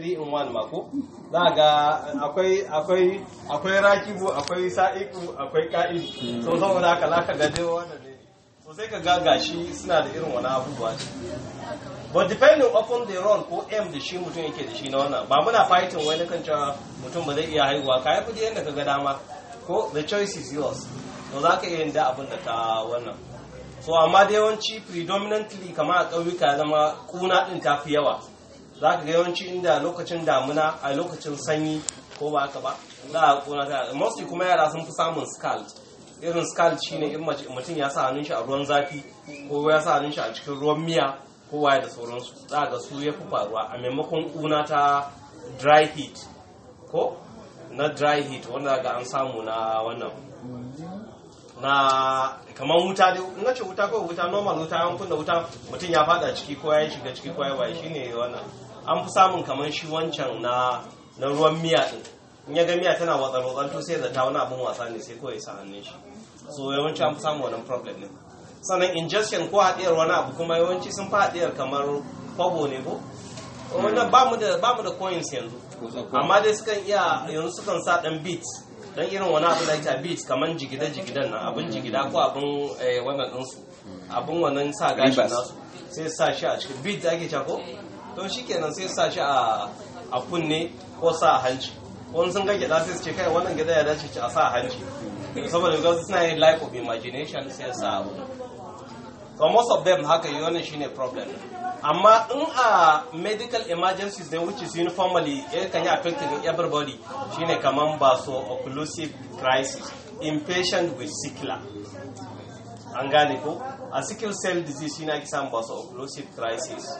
3 in 1 mako za ga akwai akwai akwai rakibu akwai sa'iku akwai ka'idu so saboda haka za ka gaje wannan ne so sai ka ga gashi suna da irin wani abubuwa but depending upon the run ko m da shi mutum yake da shi na wannan ba muna fighting wani kan cewa mutum ba zai iya haihuwa ka yi da yadda ka ga dama ko the choice is yours to za ka iya yin da abin da ka wannan so amma da yawanci predominantly kama a ƙauyuka zama kuna ɗin ta fi yawa za ka ga yawanci inda lokacin damuna a lokacin sanyi ko ba haka ba za a kuna ta mostly kuma yara sun fi samun scald irin scald shine in mutum ya sa hannun shi a ruwan zafi ko ya sa hannun shi a cikin ruwan miya ko waye da sauransu za ga su ya fi faruwa a maimakon kuna ta dry heat ko na dry heat wanda ga an samu na wannan na kamar wuta dai in ce wuta ko wuta normal wuta yankun da wuta mutum ya fada ciki ko ya shiga ciki ko ya waye shine wannan an fi samun kamar shi wancan na na ruwan miya din in ya ga miya tana watsar watsar to sai zata wani abin wasa ne sai kawai sa hannun shi so yawanci an fi samun wannan problem ne sannan ingestion ko haɗiyar wani abu kuma yawanci sun fi haɗiyar kamar kwabo ne ko wannan ba mu da ba mu da coins yanzu amma dai sukan iya yanzu sukan sa ɗan beat dan irin wani abu da ita beat kaman jigida jigidan nan abin jigida ko abin eh, wannan din abin wannan sa gashi nasu sai sa shi a cikin beat ake cako to kenan sai sa shi a kunne ko sa a hanci wani sun ga gyada sai su ce kai wannan gyada ya dace ci a sa a hanci saboda wasu suna yin life of imagination sai sa abu so most of them haka yi wannan shine problem amma in a medical emergencies ne which is uniformly eh, kan yi affecting everybody shine kaman ba so occlusive crisis impatient with sickle an gane ko a sickle cell disease shine na samun ba so occlusive crisis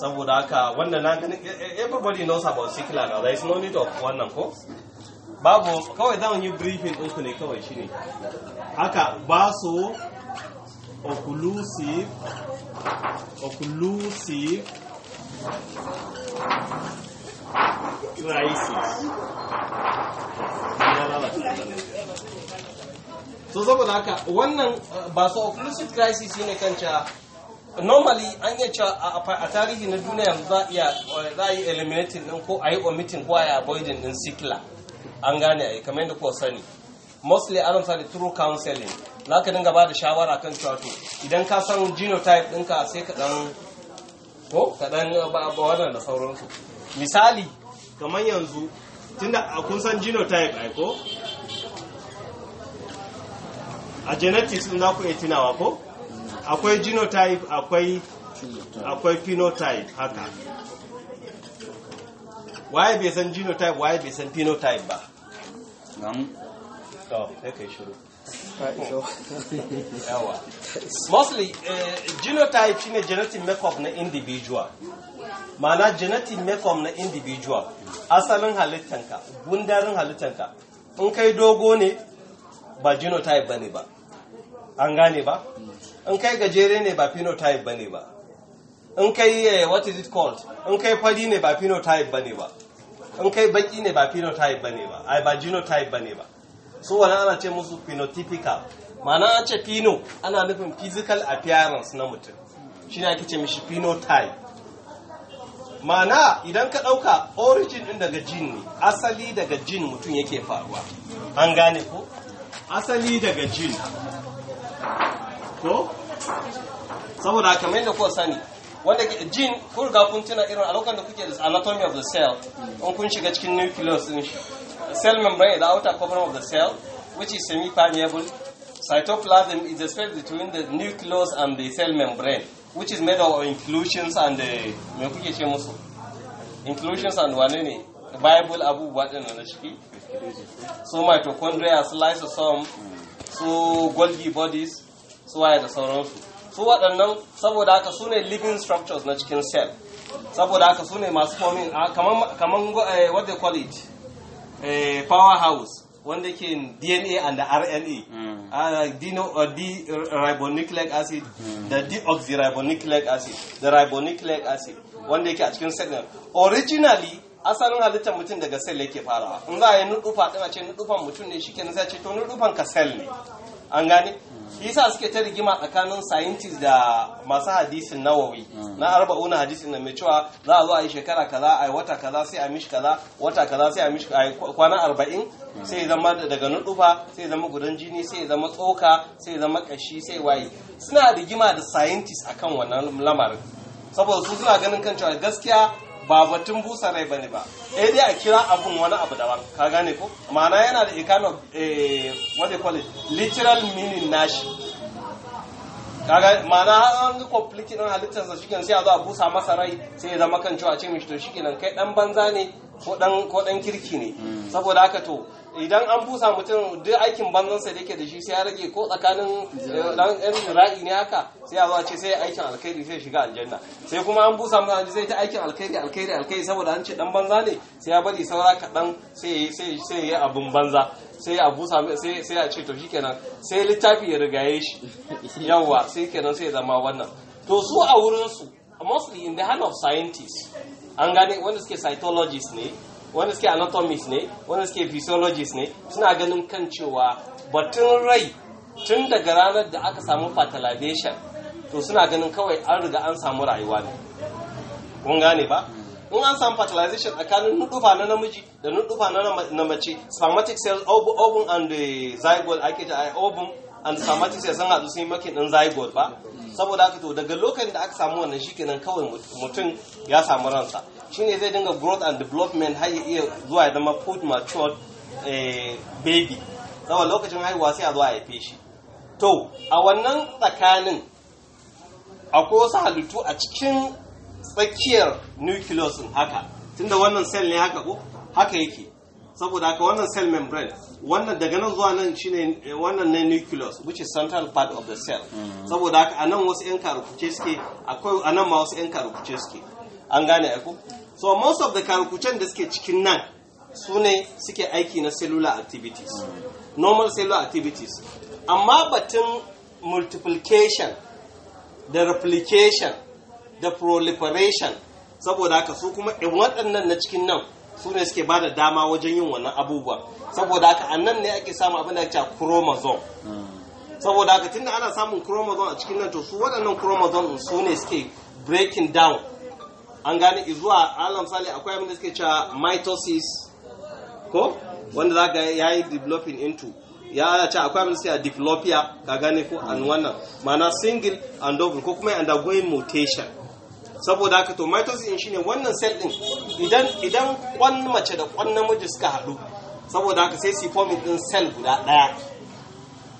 saboda haka wannan na gani everybody knows about sikila now there is no need of wannan ko babu kawai zan yi briefing ɗinku ne kawai shine haka ba su occlusive occlusive crisis so saboda haka wannan eh, ba su occlusive crisis shine kanca normally an yi a tarihi na duniya za a yi eliminating din ko a yi omitting ko a yi avoiding din sikila an gane a yi kamar yadda kuwa sani mostly ana da true counseling za ka dinga ba da shawara kan cewa to idan ka san genotype ɗinka sai ka ɗan ko ka ɗan eh, ba wannan da sauransu misali kamar yanzu tunda kun san genotype ai ko a genetics ɗin za ku iya tunawa ko akwai genotype akwai akwai phenotype haka waye bai san genotype waye bai san phenotype ba nan to sai kai shiru mostly eh, genotype shine genetic makeup na individual mana genetic makeup na individual asalin halittanka gundarin halittanka in kai dogo ne ba genotype bane ba an gane ba in kai gajere ne ba phenotype bane ba in kai eh, what is it called in kai fari ne ba phenotype bane ba in kai baki ne ba phenotype bane ba ai ba genotype bane ba so wala ana ce musu phenotypical ma'ana an ce pheno ana nufin physical appearance na mutum Shi ake ce mishi phenotype ma'ana idan ka ɗauka origin ɗin daga jin ne asali daga jin mutum yake faruwa an gane ko asali daga jin to saboda kamar yadda kuwa sani wanda jin kurga kun tuna irin a lokacin da kuke da anatomy of the cell in kun shiga cikin nucleus din shi cell membrane is the outer covering of the cell which is semi permeable cytoplasm is the space between the nucleus and the cell membrane which is made of inclusions and eh, me kuke ce musu inclusions and wane ne bible abubuwa din na ciki so mitochondria su some so golgi bodies su waye da sauransu su waɗannan saboda haka su ne living structures na cikin cell saboda haka su ne masu fomin kaman eh, what they call it eh, power house wanda ke dna and the rna ribonucleic acid da deoxyribonucleic acid da ribonucleic acid wanda yake a cikin cell originally asalin halittar mutum daga cell yake farawa in za a yi nudufa ɗin a ce nudufan mutum ne shi kenan sai ce to nudufan ka cell ne an gane yasa suke ta rigima tsakanin sayintis da masu hadisin nawawi hmm. na arba'una hadisin na mai cewa za a zo a yi shekara kaza a yi wata kaza sai a mishi kaza wata kaza sai a mishi kwana arba'in hmm. sai zama daga nudufa sai zama gudan jini sai zama tsoka sai zama kashi sai waye suna rigima da scientist akan wannan lamarin saboda su suna ganin kan cewa gaskiya ba batun busa rai bane ba eh dai a kira abun wani abu daban ka gane ko ma'ana yana da ikano eh what they call it literal meaning nashi kaga ma'ana an ga conflict din halittarsa kan sai a zo a busa masa rai sai ya zama kan cewa ce mishi to shikenan kai dan banza ne ko dan kirki ne hmm. saboda haka to idan an busa mutum duk aikin banzansa da yake da shi sai ya rage ko tsakanin eh, dan yan zira'i ne haka sai a zo ce sai aikin alkhairi sai shiga aljanna sai kuma an busa mutum sai ta aikin alkhairi alkhairi alkhairi saboda an ce dan banza ne sai ya bari saura kaɗan sai sai sai ya abun banza sai a busa sai sai a ce to shikenan sai littafi ya rigaye shi yawa sai kenan sai ya zama wannan to su a wurin su mostly in the hand of scientists an gane wanda suke cytologist ne wanda suke anatomist ne wanda suke physiologist ne suna ganin kan cewa batun rai tun daga ranar da aka samu fatalization to suna ganin kawai an riga an samu rayuwa ne kun gane ba in an samu fertilization tsakanin nudufa na namiji da nudufa na mace spermatic cells ovum and the zygote ake ta ovum an and somatics san hadu sun yi makin din zygote ba saboda haka to daga lokacin da aka samu wannan shikenan kawai mutum ya samu ransa shine zai dinga growth and development har ya iya zuwa ya zama food matured eh, baby saboda lokacin haihuwa sai a zuwa ya haife shi to a wannan tsakanin akwai wasu halittu a cikin tsakiyar nucleus haka tunda wannan cell ne haka ko haka yake saboda haka wannan cell membrane wannan daga nan zuwa nan shine wannan ne nucleus which is central part of the cell saboda haka a nan wasu yan karukuce suke akwai nan ma wasu yan karukuce suke an gane aiko so most of the karukucen da suke cikin nan su ne suke aiki na cellular activities normal cellular activities amma batun multiplication da replication da proliferation saboda haka su kuma in waɗannan na cikin nan su ne suke bada dama wajen yin wannan abubuwa saboda haka annan ne ake samu abin da ake chromosome saboda haka tunda ana samun chromosome a cikin nan to su waɗannan chromosome su ne suke breaking down an gane izuwa alam sale akwai abin da suke cewa mitosis ko wanda za ya yi developing into ya cewa akwai abin da suke developia ka gane ko an wannan mana single and double ko kuma undergoing mutation saboda haka to mitosis shine wannan cell din idan idan kwan mace da kwan namiji suka haɗu saboda haka sai su forming din cell guda ɗaya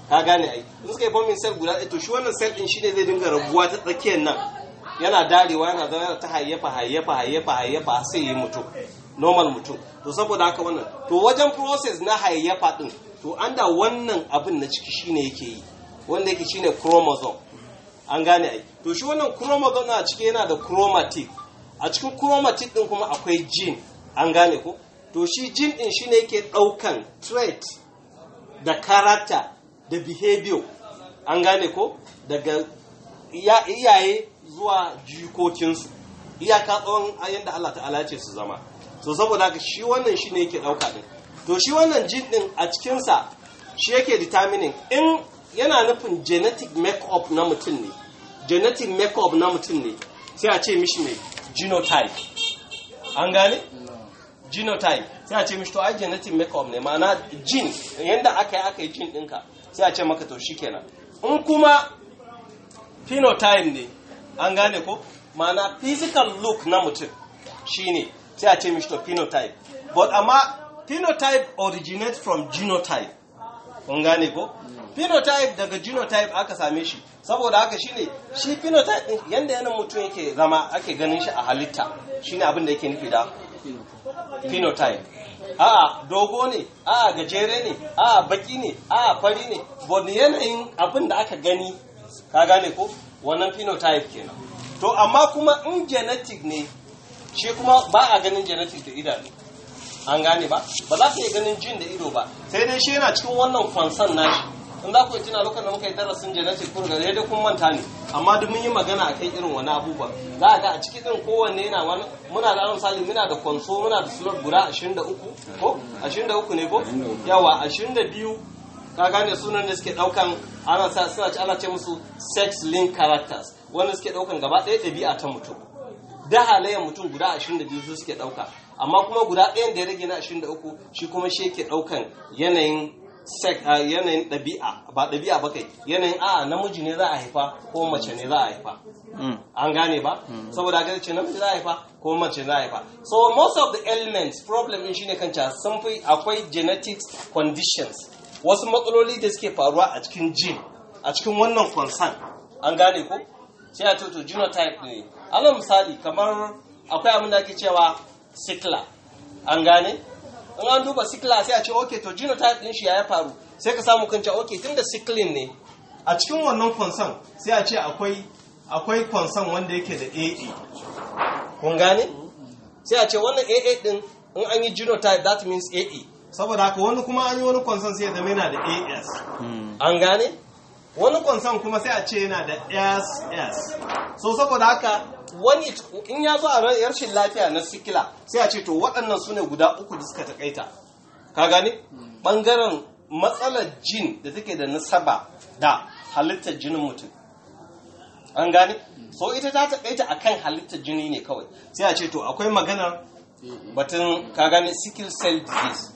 ka gane ai in suka yi forming cell guda ɗaya to shi wannan cell din shine zai dinga rabuwa ta tsakiyar nan yana darewa yana zama yana ta hayyafa hayyafa hayyafa hayyafa sai yi mutum normal mutum to saboda haka wannan to wajen process na hayyafa din to anda wannan abin na ciki shine yake yi wanda yake shine chromosome an gane ai to shi wannan chromosome a cike yana da chromatic a cikin chromatic din kuma akwai gene an gane ko to shi gene din shine yake daukan trait da character da behavior an gane ko daga iyaye zuwa jikokinsu iyaka tsawon yadda Allah ta'ala ce su zama so saboda haka shi wannan shi ne yake ɗauka din to shi wannan jin ɗin a cikinsa shi yake determining in yana nufin genetic make-up na mutum ne genetic make-up na mutum ne sai a ce mishi mai genotype an gane? genotype sai a ce mishi to a genetic make-up ne mana gene yadda aka yi aka yi gene ɗinka sai a ce maka to shi kenan in kuma phenotype ne an gane ko ma'ana physical look na mutum shine sai a ce mishi to phenotype but amma phenotype originates from genotype kun gane ko phenotype daga genotype aka same shi saboda haka shine shi phenotype yanda yanin mutum yake zama ake ganin shi a halitta shine abin da yake nufi da phenotype a'a dogo ne a'a gajere ne a'a baki ne a'a fari ne wani yanayin abin da aka gani ka gane ko wannan phenotype kenan to amma kuma in genetic ne shi kuma ba a ganin genetic da idanu an gane ba ba za ka iya ganin jin da ido ba sai dai shi yana cikin wannan fansan nashi in za ku yi tuna lokacin da muka yi darasin genetic kurga sai dai kun manta ne amma duk mun yi magana a kan irin wani abubuwa za ga a cikin din kowanne yana wani muna da misali muna da konso muna da sulat guda 23 ko 23 ne ko yawa 22 ka gane sunan da suke daukan ana sa suna ci ana ce musu sex link characters wanda suke daukan gaba ɗaya ɗabi'a ta mutum da halayen mutum guda 22 su suke dauka amma kuma guda ɗayan da ya rage na 23 shi kuma shi yake ɗaukan yanayin yanayin ɗabi'a ba ɗabi'a ba kai yanayin a namiji ne za a haifa ko mace ne za a haifa hmm. an gane ba hmm. saboda ga ce namiji za a haifa ko mace za a haifa so most of the elements problem din shine kanta sun fi akwai genetics conditions wasu matsaloli da suke faruwa a cikin gene a cikin wannan concern an gane ko sai a toto genotype ne alal misali kamar akwai abin da ake cewa sikla an gane in an duba sikla sai a ce ok to genotype din shi ya faru sai ka samu kanci ok tun da siklin ne a cikin wannan kwanson sai a ce akwai kwanson wanda yake da aa kun gane sai a ce wannan aa din in an yi genotype that means aa saboda haka wani kuma an yi wani kwanson sai ya zama yana da as hmm. an gane wani kwanson kuma sai a ce yana da ss so saboda haka wani in ya zo a rashin lafiya na sikila sai a ce to waɗannan su ne guda uku da suka taƙaita. ka gani ɓangaren matsalar jin da take da nasaba da halittar jinin mutum an gane so ita ta taƙaita a kan halittar jini ne kawai sai a ce to akwai maganar batun ka gane sickle cell disease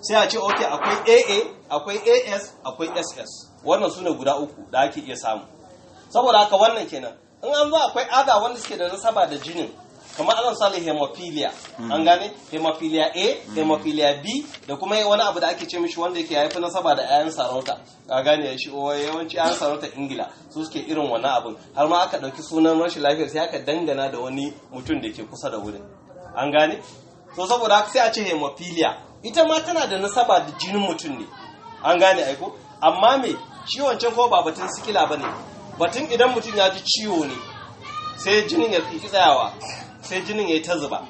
sai a ce ok akwai aa akwai as akwai ss wannan su ne guda uku da ake iya samu saboda haka wannan kenan in an zo akwai ada wanda suke da nasaba da jinin kamar alan sale hemophilia mm. an gane hemophilia a hemophilia b da kuma wani abu da ake ce mishi wanda yake haifi nasaba da 'ya'yan sarauta a gane shi yawanci 'ya'yan sarauta ingila su suke irin wani abin har ma aka ɗauki sunan rashin lafiyar sai aka dangana da wani mutum da ke kusa da wurin an gane so saboda haka sai a ce hemophilia ita ma tana da nasaba da jinin mutum ne an gane aiko amma me shi wancan ko ba batun sikila ne. batun idan mutum ya ji ciwo ne sai jinin ya fi tsayawa sai jinin ya yi ta zuba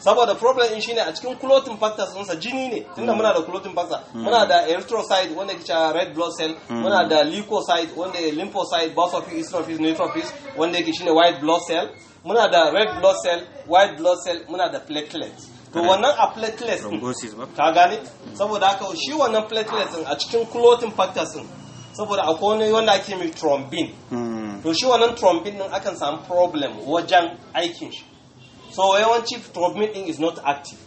saboda problem in shine a cikin clothing factors sunsa jini ne tunda muna da clothing factor mm. muna da erythrocyte wanda ke cewa red blood cell mm. muna da leukocyte wanda ke lymphocyte basophil eosinophil neutrophils wanda yake shine white blood cell muna da red blood cell white blood cell muna da platelets to wannan a platelets ta gane saboda haka shi wannan platelets a cikin clothing factors saboda akwai kone wanda ake mai trombin hmm. to shi wannan trombin din akan samu problem wajen aikin shi so yawanci trombin din is not active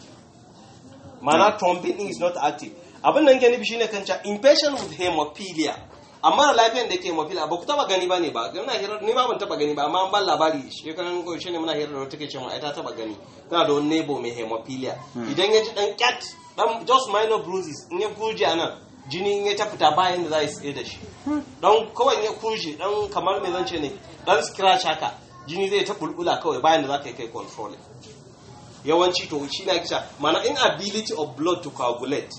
mana hmm. trombin din is not active abin nan gani shine kan cewa impatient with hemophilia amma da lafiyan da ke hemophilia ba ku taba gani ba ne ba muna hira ni ma ban taba gani ba amma an ban labari shekaran ko shine muna hira da take cewa ai ta taba gani tana da wani nebo mai hemophilia hmm. idan ya ji dan cat dan just minor bruises in ya gurje anan jini ya ta fita bayan da za a tsaye da shi don kawai ya kurje don kamar mai zance ne dan scratch haka jini zai ta bulbula kawai bayan da za ka yi kai control yawanci to shi na kisa mana inability of blood to coagulate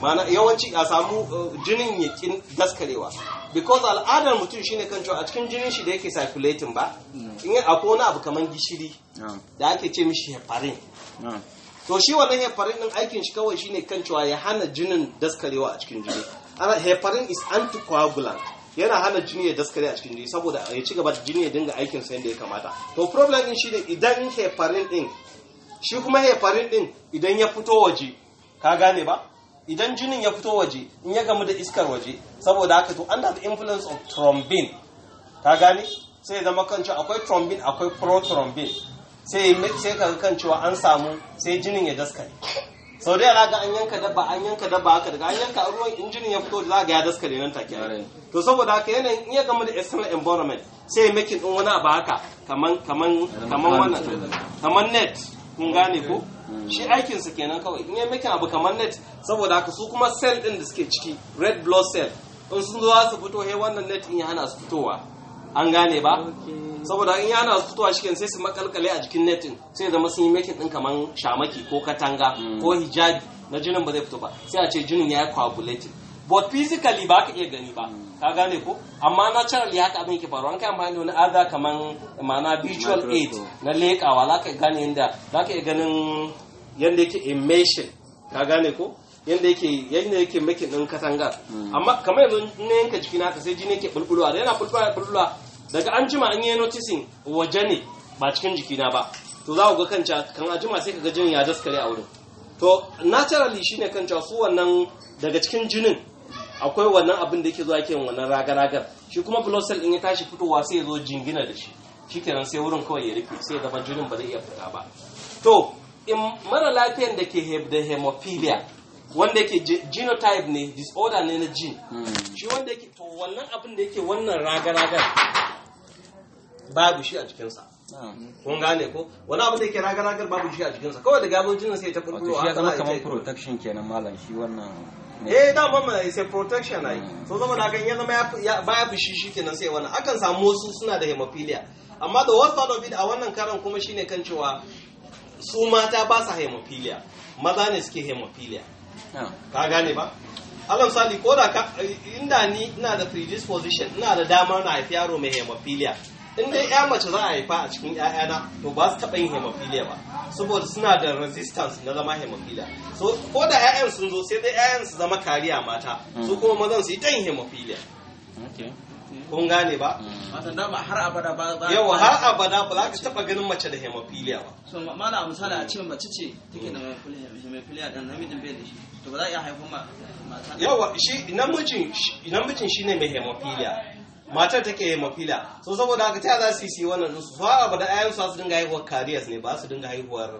mana yawanci a samu uh, jinin ya kin daskarewa because al'adar mutum shine kan cewa a cikin jinin shi da yake circulating ba mm. in akwai wani abu kamar gishiri ah. da ake ce mishi heparin ah. to shi wannan heparin din aikin shi kawai shine kan cewa ya hana jinin daskarewa a cikin jini ana heparin is anticoagulant yana hana jini ya daskare a cikin jini saboda ya ci gaba da jini ya dinga aikin sa yadda ya kamata to problem din shine idan heparin din shi kuma heparin din idan ya fito waje ka gane ba idan jinin ya fito waje in ya gamu da iskar waje saboda haka to under the influence of thrombin ka gane sai zama cewa akwai thrombin akwai prothrombin sai sai ka kan cewa an samu sai jinin ya daskare sau da yara ga an yanka dabba an yanka dabba haka daga an yanka ruwan injinin ya fito za ga ya daskare nan take to saboda haka yanayin in ya gamu da external environment sai making din wani abu haka kaman kaman kaman wannan kaman net kun gane ko mm. shi aikin su kenan kawai in ya makin abu kaman net saboda haka su kuma cell din da suke ciki red blood cell in sun zo su fito he wannan net in ya hana su fitowa an gane ba saboda in yana fitowa shi sai su makalkale a jikin netin sai zama sun yi mekin din kamar shamaki ko katanga hmm. ko hijabi na jinin ba zai fito ba sai a ce jinin ya yi coagulating but physically ba ka iya gani ba hmm. ka gane ko amma na haka abin ke faruwa an kai amfani da wani aza kaman ma'ana visual aid na lekawa za ka gane yadda za ka iya ganin yadda yake emission ka gane ko yadda yake yadda yake makin din katangar hmm. amma kamar yanzu ne yanka jiki ka sai jini yake bulbulwa da yana bulbulwa daga an jima an yi noticing waje ne ba cikin jikina ba to za ku ga kanca kan a jima sai ka ga jinin ya daskare a wurin to naturally shine kanca su wannan daga cikin jinin akwai wannan abin da yake zuwa yake wannan ragaragar shi kuma blood cell din ya tashi fitowa sai ya zo jingina da shi kenan sai wurin kawai ya rufe sai zama jinin ba zai iya fita ba to in mara lafiyan da ke da hemophilia wanda yake genotype ne disorder ne na gene hmm. shi wanda yake to wannan abin da yake wannan raga babu shi a jikinsa kun gane ko wani abu da yake ragaragar ragar babu shi a jikinsa kawai da gabon nan sai ta kurkuro a zama kamar protection kenan malam shi wannan eh da hmm. ba ya sai protection ai so zama da kan ya zama baya fushi shi kenan sai wannan akan samu wasu suna da hemophilia amma da worst part of it a wannan karan kuma shine kan cewa su mata ba sa hemophilia maza ne suke hemophilia ah. ka gane ba alam sali ko da ka inda ni ina da predisposition ina da damar na haifi yaro mai hemophilia in dai ya mace za a haifa a cikin 'ya'ya na, to ba su taɓa yin hemophilia ba saboda suna da resistance na zama hemophilia so ko da 'ya'yan sun zo sai dai 'ya'yan su zama kariya mata su mm. kuma mazan su yi ta yin hemophilia kun gane ba har mm. abada ba yau har abada ba za ka taɓa ganin mace da hemophilia ba so mana a misali a ce mm. mace ce take da hemophilia dan namijin bai da shi to ba za a iya haifar mata yawa shi namijin shi ne mai hemophilia matar take mafila so saboda haka ta za su yi wannan su so a bada ayan su su dinga haihuwar kariyas ne ba su dinga haihuwar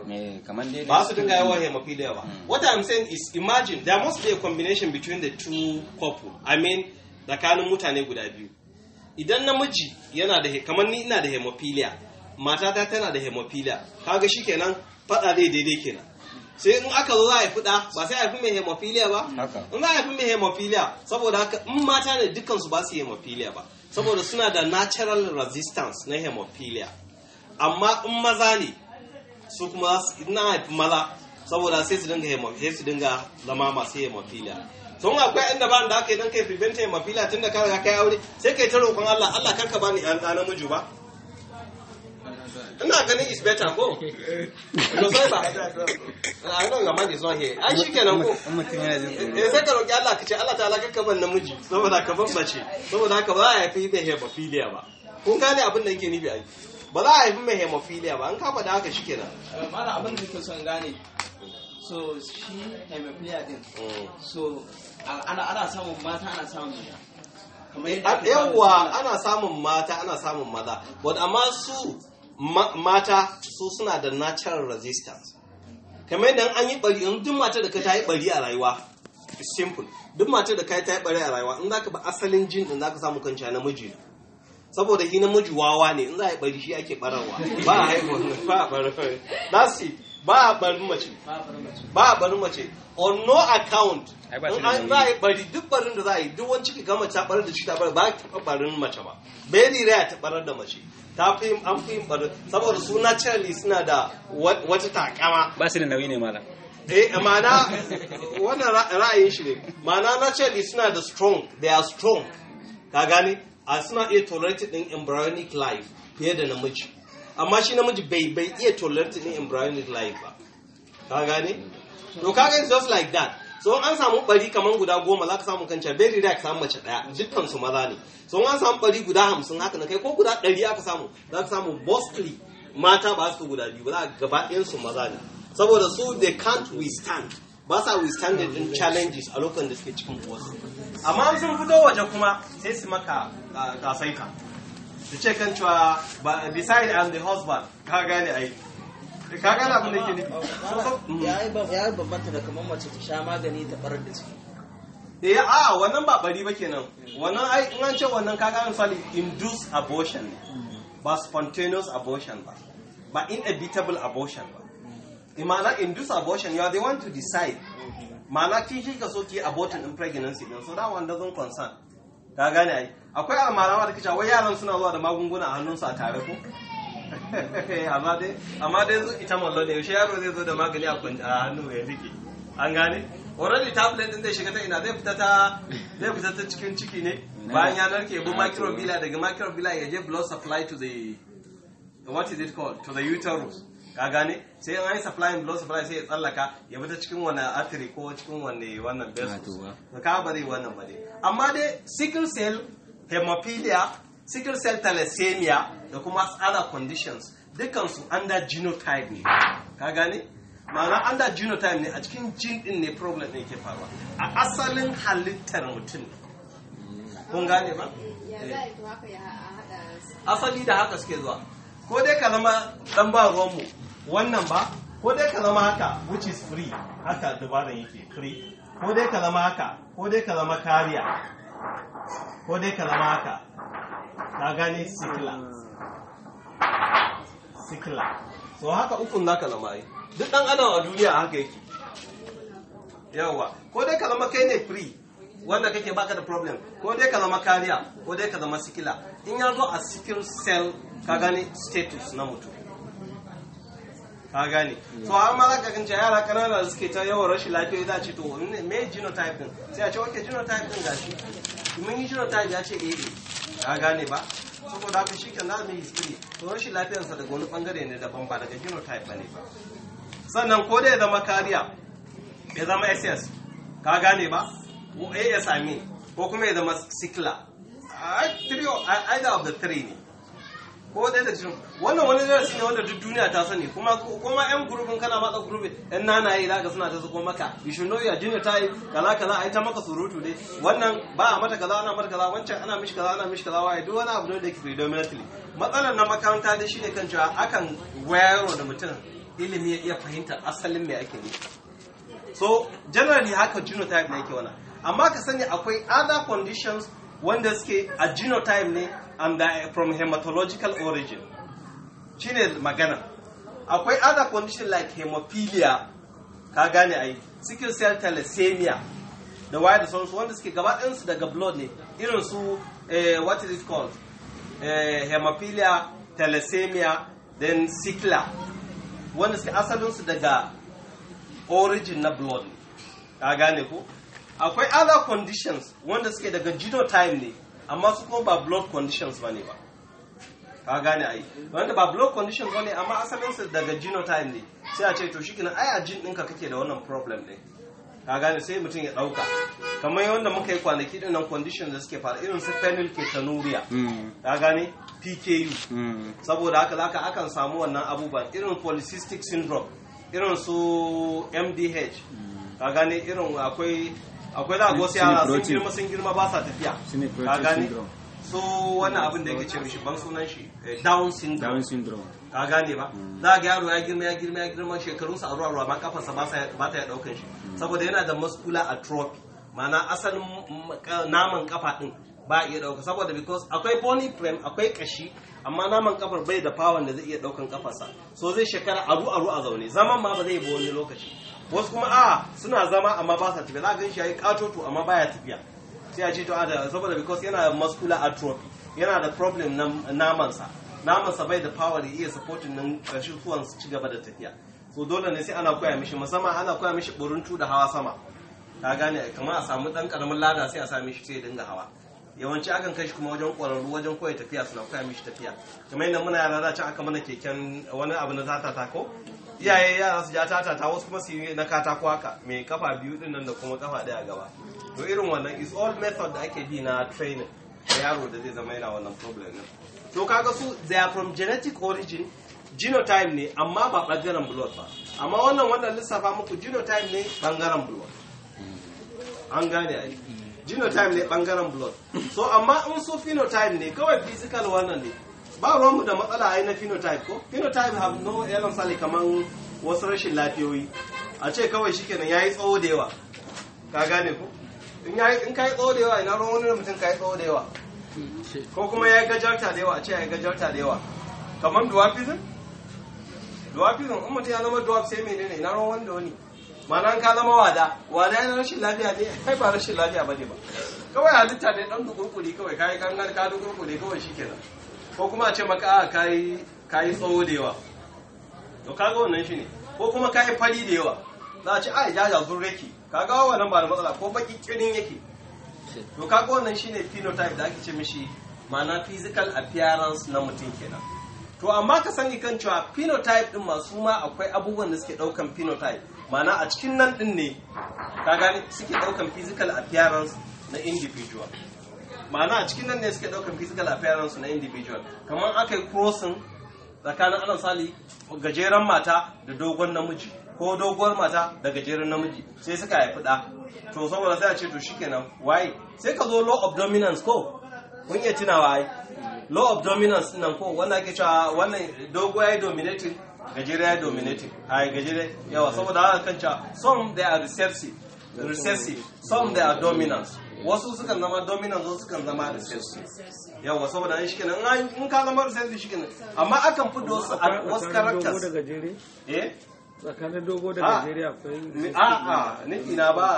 ba su dinga haihuwar hemophilia ba hmm. what i'm saying is imagine there must be a combination between the two couple i mean tsakanin mutane guda biyu idan namiji yana da kamar ni ina da hemophilia matata tana da hemophilia kaga shikenan fada daidai kenan sai in aka zo za a haifi ɗa ba sai a haifi mai hemophilia ba in za a haifi mai hemophilia saboda haka in mata ne dukansu ba su hemophilia ba saboda suna da natural resistance na hemophilia amma in maza ne su kuma na haifi maza saboda sai su dinga hemophilia su dinga zama masu hemophilia to in akwai inda ba da aka yi dan kai prevent hemophilia tunda ka riga kai aure sai kai ta roƙon Allah Allah kanka bani ɗan ɗa namiji ba ina ganin is better ko to sai ba I know your man is not here ai shikenan ko eh sai ka roki Allah ka ce Allah ta ka ban namiji saboda ka ban mace saboda haka ba ya fi da hemophilia ba kun gane abin da yake nufi ai ba za a haifi mai hemophilia ba an kama da haka shikenan eh, mala abin da kake son gane so shi hemophilia din mm. so ana samun mata ana samun yawwa ana samun mata ana samun maza but amma su mata su suna da natural resistance kamar yadda an yi bari yanzu duk mata da ka ta yi bari a rayuwa simple duk mata da ka ta yi bari a rayuwa in zaka ba asalin jin din zaka samu kanci namiji ne saboda shi namiji wawa ne in za a yi bari shi ake bararwa ba a haihuwa ba a bari that's ba a barin mace ba a barin mace on no account in an za a yi bari duk barin da za a yi duk wani ciki gama ta barar da shi ta barar ba ta barin mace ba very rare ta barar da mace ta fi an fi saboda suna naturally suna da wata takama ba su da nauyi ne mana. eh ma'ana wannan ra'ayin shi ne ma'ana naturally suna da strong they are strong ka gani a suna iya tolerated in embryonic life fiye da namiji amma shi namiji bai bai iya tolerated in embryonic life ba ka gani to kaga it's just like that so an samu bari kamar guda goma za ka samu kanci very rare ka samu mace daya dukkan su maza ne so an samu bari guda hamsin haka na kai ko guda ɗari aka samu za ka samu mostly mata ba su guda biyu ba za gaba ɗayan su maza ne saboda su they can't withstand ba sa withstand the challenges a lokacin da suke cikin wasu amma sun fito waje kuma sai su maka kasaika su ce kan cewa beside I'm the husband ka gane ai ka gane abin da yake nufi mm. ya bambanta da kamar mace ta sha magani ta barar da ciki eh a wannan ba bari ba kenan wannan ai in an ce wannan ka gane misali induced abortion ba spontaneous abortion ba ba inevitable abortion ba imana eh, induced abortion ya they want to decide ma'ana kin shi ka so ki abortion in pregnancy din so that one doesn't concern ka gane ai akwai almarawa da kace wai yaran suna zuwa da magunguna a hannunsu a tare ko Eh, amma dai ita mallo ne yaushe yaro zai zo da magani a hannu ya rike an gane already tablet din da shiga ta ina zai fita ta zai fita ta cikin ciki ne bayan ya narke bu makirobila daga makirobila ya je blood supply to the what is it called to the uterus ka gane sai an yi supply blood supply sai ya tsallaka ya fita cikin wani artery ko cikin wani wannan vessels ah, ka ba wannan ba amma dai sickle cell hemophilia sickle cell thalassemia da kuma other conditions dukansu under genotype ne ka gane ma'ana under genotype ne a cikin jin din ne problem ne ke faruwa a asalin halittar mutum kun gane ba asali da haka suke zuwa ko dai ka zama dan ba ruwanmu wannan ba ko dai ka zama haka which is free haka dubaran yake free ko dai ka zama haka ko dai ka zama kariya ko dai ka zama haka ka gane sikila sikila so haka ukun naka na yi duk dan adam a duniya haka yake yawa ko dai kalama kai ne free wanda kake baka da problem ko dai kalama kariya ko dai ka zama sikila in ya zo a skill cell ka gane status na mutum ka gane so har ma zaka kance yara kanana da suke ta yawan rashin lafiya za ce to me genotype din sai a ce wake genotype din gashi mun yi genotype ya ce eh, eh. ka gane ba saboda haka shi kenan za history to rashin lafiyarsa daga wani bangare ne daban ba daga genotype bane ne ba sannan ko da ya zama kariya ya zama ss ka gane ba asme ko kuma ya zama sikla either of the three ne ko dai da jin wannan wani zai ne wanda duk duniya ta sani kuma ma yan gurubin kana matsa gurubin yan nanaye ka suna ta zuko maka you should know your junior type kala kala ai ta maka surutu dai wannan ba a mata kaza ana mata kaza wancan ana mishi kaza ana mishi kaza wai duk wani abu ne da ke predominantly matsalar na makaranta dai shine kan cewa akan wayarwa da mutum ilimi ya iya fahimtar asalin me ake nufi so generally haka type ne yake wannan amma ka sani akwai other conditions wanda suke a genotype ne and from hematological origin Shi ne magana akwai other condition like hemophilia ka gane ai sickle cell thalassemia da waye da sauransu wanda suke gaba ɗansu daga blood ne irin su eh, what is it called eh, hemophilia thalassemia then sickler. wanda suke asalinsu daga origin na blood ne ka gane ko akwai other conditions wanda suke daga genotype ne amma su kuma ba blood conditions ba ne ba ka gane ai wanda ba blood conditions ba ne amma asalinsu daga genotype ne sai a ce to shikenan ai a jin ɗinka kake da wannan problem ne ka gane sai mutum ya ɗauka kamar yadda muka yi kwanaki ɗin nan conditions da suke fara irin su ketonuria ka gane pku mm. saboda haka zaka akan samu wannan abubuwan irin polycystic syndrome irin su mdh mm. ka gane irin akwai akwai za a gosu yara sun girma sun girma ba sa tafiya ka gane so wannan abin da yake ce mishi ban sunan shi eh, down syndrome down syndrome ka gane ba hmm. za a yaro ya girma ya girma ya girma shekarunsa a ruwa ruwa ma kafarsa ba ta ya daukan shi hmm. saboda yana da muscular atrophy ma'ana asalin mm, naman kafa din ba iya dauka saboda because akwai bony frame akwai kashi amma naman kafar bai da fawon da zai iya daukan kafarsa so zai shekara aru aru a zaune zaman ma ba zai yi wani lokaci wasu kuma a suna zama amma ba sa tafiya za a gan shi ya yi katoto amma baya tafiya sai ya ce to da saboda because yana muscular atrophy yana da problem na namansa namansa bai da power da iya supportin nan kashin suwan su ci gaba da tafiya so dole ne sai ana koya mishi musamman ana koya mishi buruntu da hawa sama ka gane kamar a samu dan karamin lada sai a sami shi sai ya dinga hawa yawanci akan kai shi kuma wajen ƙwararru wajen koya tafiya suna koya mishi tafiya kamar yadda muna yara da can aka mana keken wani abu na zata ta ko iyaye yara su ja ta wasu kuma su yi na katako haka mai kafa biyu din nan da kuma kafa daya gaba to irin wannan is all method da ake bi na training da yaro da zai zama yana wannan problem din to kaga su they are from genetic origin genotype ne amma ba bangaren blood ba amma wannan wannan lissafa muku genotype ne bangaren blood an gane ai genotype ne bangaren blood so amma in su phenotype ne kawai physical wannan ne ba ruwanmu da matsala a na phenotype ko phenotype have no yalon sale kamar wasu rashin lafiyoyi a ce kawai shi kenan ya yi tsawo da yawa ka gane ko in ka yi tsawo da yawa ina ruwan wani mutum ka yi tsawo da yawa ko kuma ya yi gajarta da yawa a ce ya yi gajarta da yawa Kamar dwarfism dwarfism in mutum ya zama dwarf sai nuna, ina ruwan wani da wani ma'ana ka zama wada wada yana rashin lafiya ne kai ba rashin lafiya ba ne ba kawai halitta ne dan dukurkuri kawai yi kangar ka dukurkuri kawai shi kenan ko kuma a ce maka ah, a ka yi tsawo da yawa to kaga wannan shi ne ko kuma ka yi fari da yawa za a ce a ah, ya jazun rake kaga wannan ba da matsala ko baki kirin yake to kaga wannan shi ne phenotype da ake ce mishi ma'ana physical appearance na mutum kenan to amma ka sani kan cewa phenotype din masu ma akwai abubuwan da suke daukan phenotype ma'ana a cikin nan din ne ka gane suke daukan physical appearance na individual ma'ana a cikin nan ne suke ɗaukar physical appearance na individual kamar aka yi crossing tsakanin alan sali gajeren mata da dogon namiji ko doguwar mata da gajeren namiji sai suka haifi ɗa to saboda sai a ce to shikenan waye sai ka zo law of dominance ko kun iya tunawa ai law of dominance nan ko wannan ake cewa wannan dogo ya yi dominating gajere ya A ai gajere yawa saboda haka kan some they are recessive recessive some they are dominant wasu sukan zama dominant wasu sukan zama recessive yawa saboda an shike nan in ka zama recessive shike nan amma akan fi da wasu wasu characters eh tsakanin dogo da ah. gajere akwai a a nufi na ba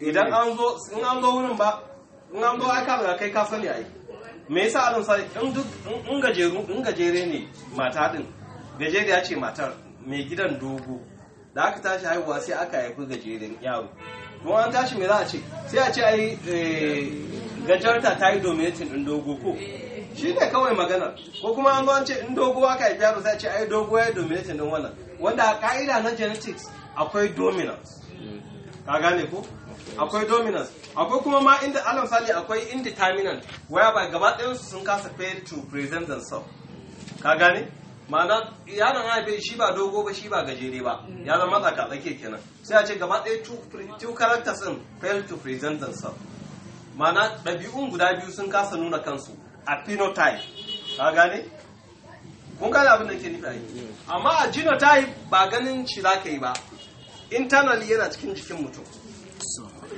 idan an zo in an zo wurin ba in an zo aka ga kai ka sani ai me yasa alun sai in duk in gajeru in gajere ne mata din gajere ya ce matar mai gidan dogo da aka tashi haihuwa sai aka haifi gajeren yaro mu an tashi me za a ce sai a ce ai eh, gajarta ta yi dominating din dogo ko shi ne kawai magana ko kuma an zo ce in dogo aka yi yaro sai a ce ai dogo ya dominating din wannan wanda a ka'ida na genetics akwai dominance ka gane ko akwai dominance akwai kuma ma inda alam sali akwai indeterminant whereby gaba ɗayansu sun kasa fail to present themselves ka gane ma'ana yaron haife shi ba dogo ba shi ba gajere ba ya zama tsaka tsake kenan sai a ce gaba ɗaya two characters din fail to present themselves ma'ana ɗabi'un guda biyu sun kasa nuna kansu a phenotype ka gane kun gane abin da ke nufi aiki amma a genotype ba ganin shi za ka yi ba internally yana cikin jikin mutum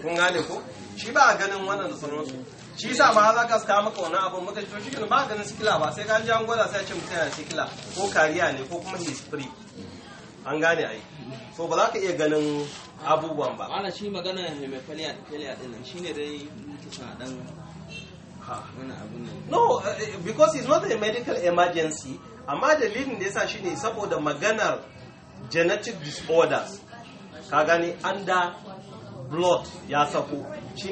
kun gane ko shi ba a ganin wannan da sauransu shi sa ma za ka kawo maka wani abu. muka to shi ba ganin sikila ba sai ka jan an gwada sai ce mutum yana sikila ko kariya ne ko kuma hispiri an gane ai so ba za ka iya ganin abubuwan ba ana shi magana hemophilia philia din nan shine dai kisa dan wani abu ne no eh, eh, because it's not a medical emergency amma dalilin da yasa shine saboda maganar genetic disorders ka an under blood ya sako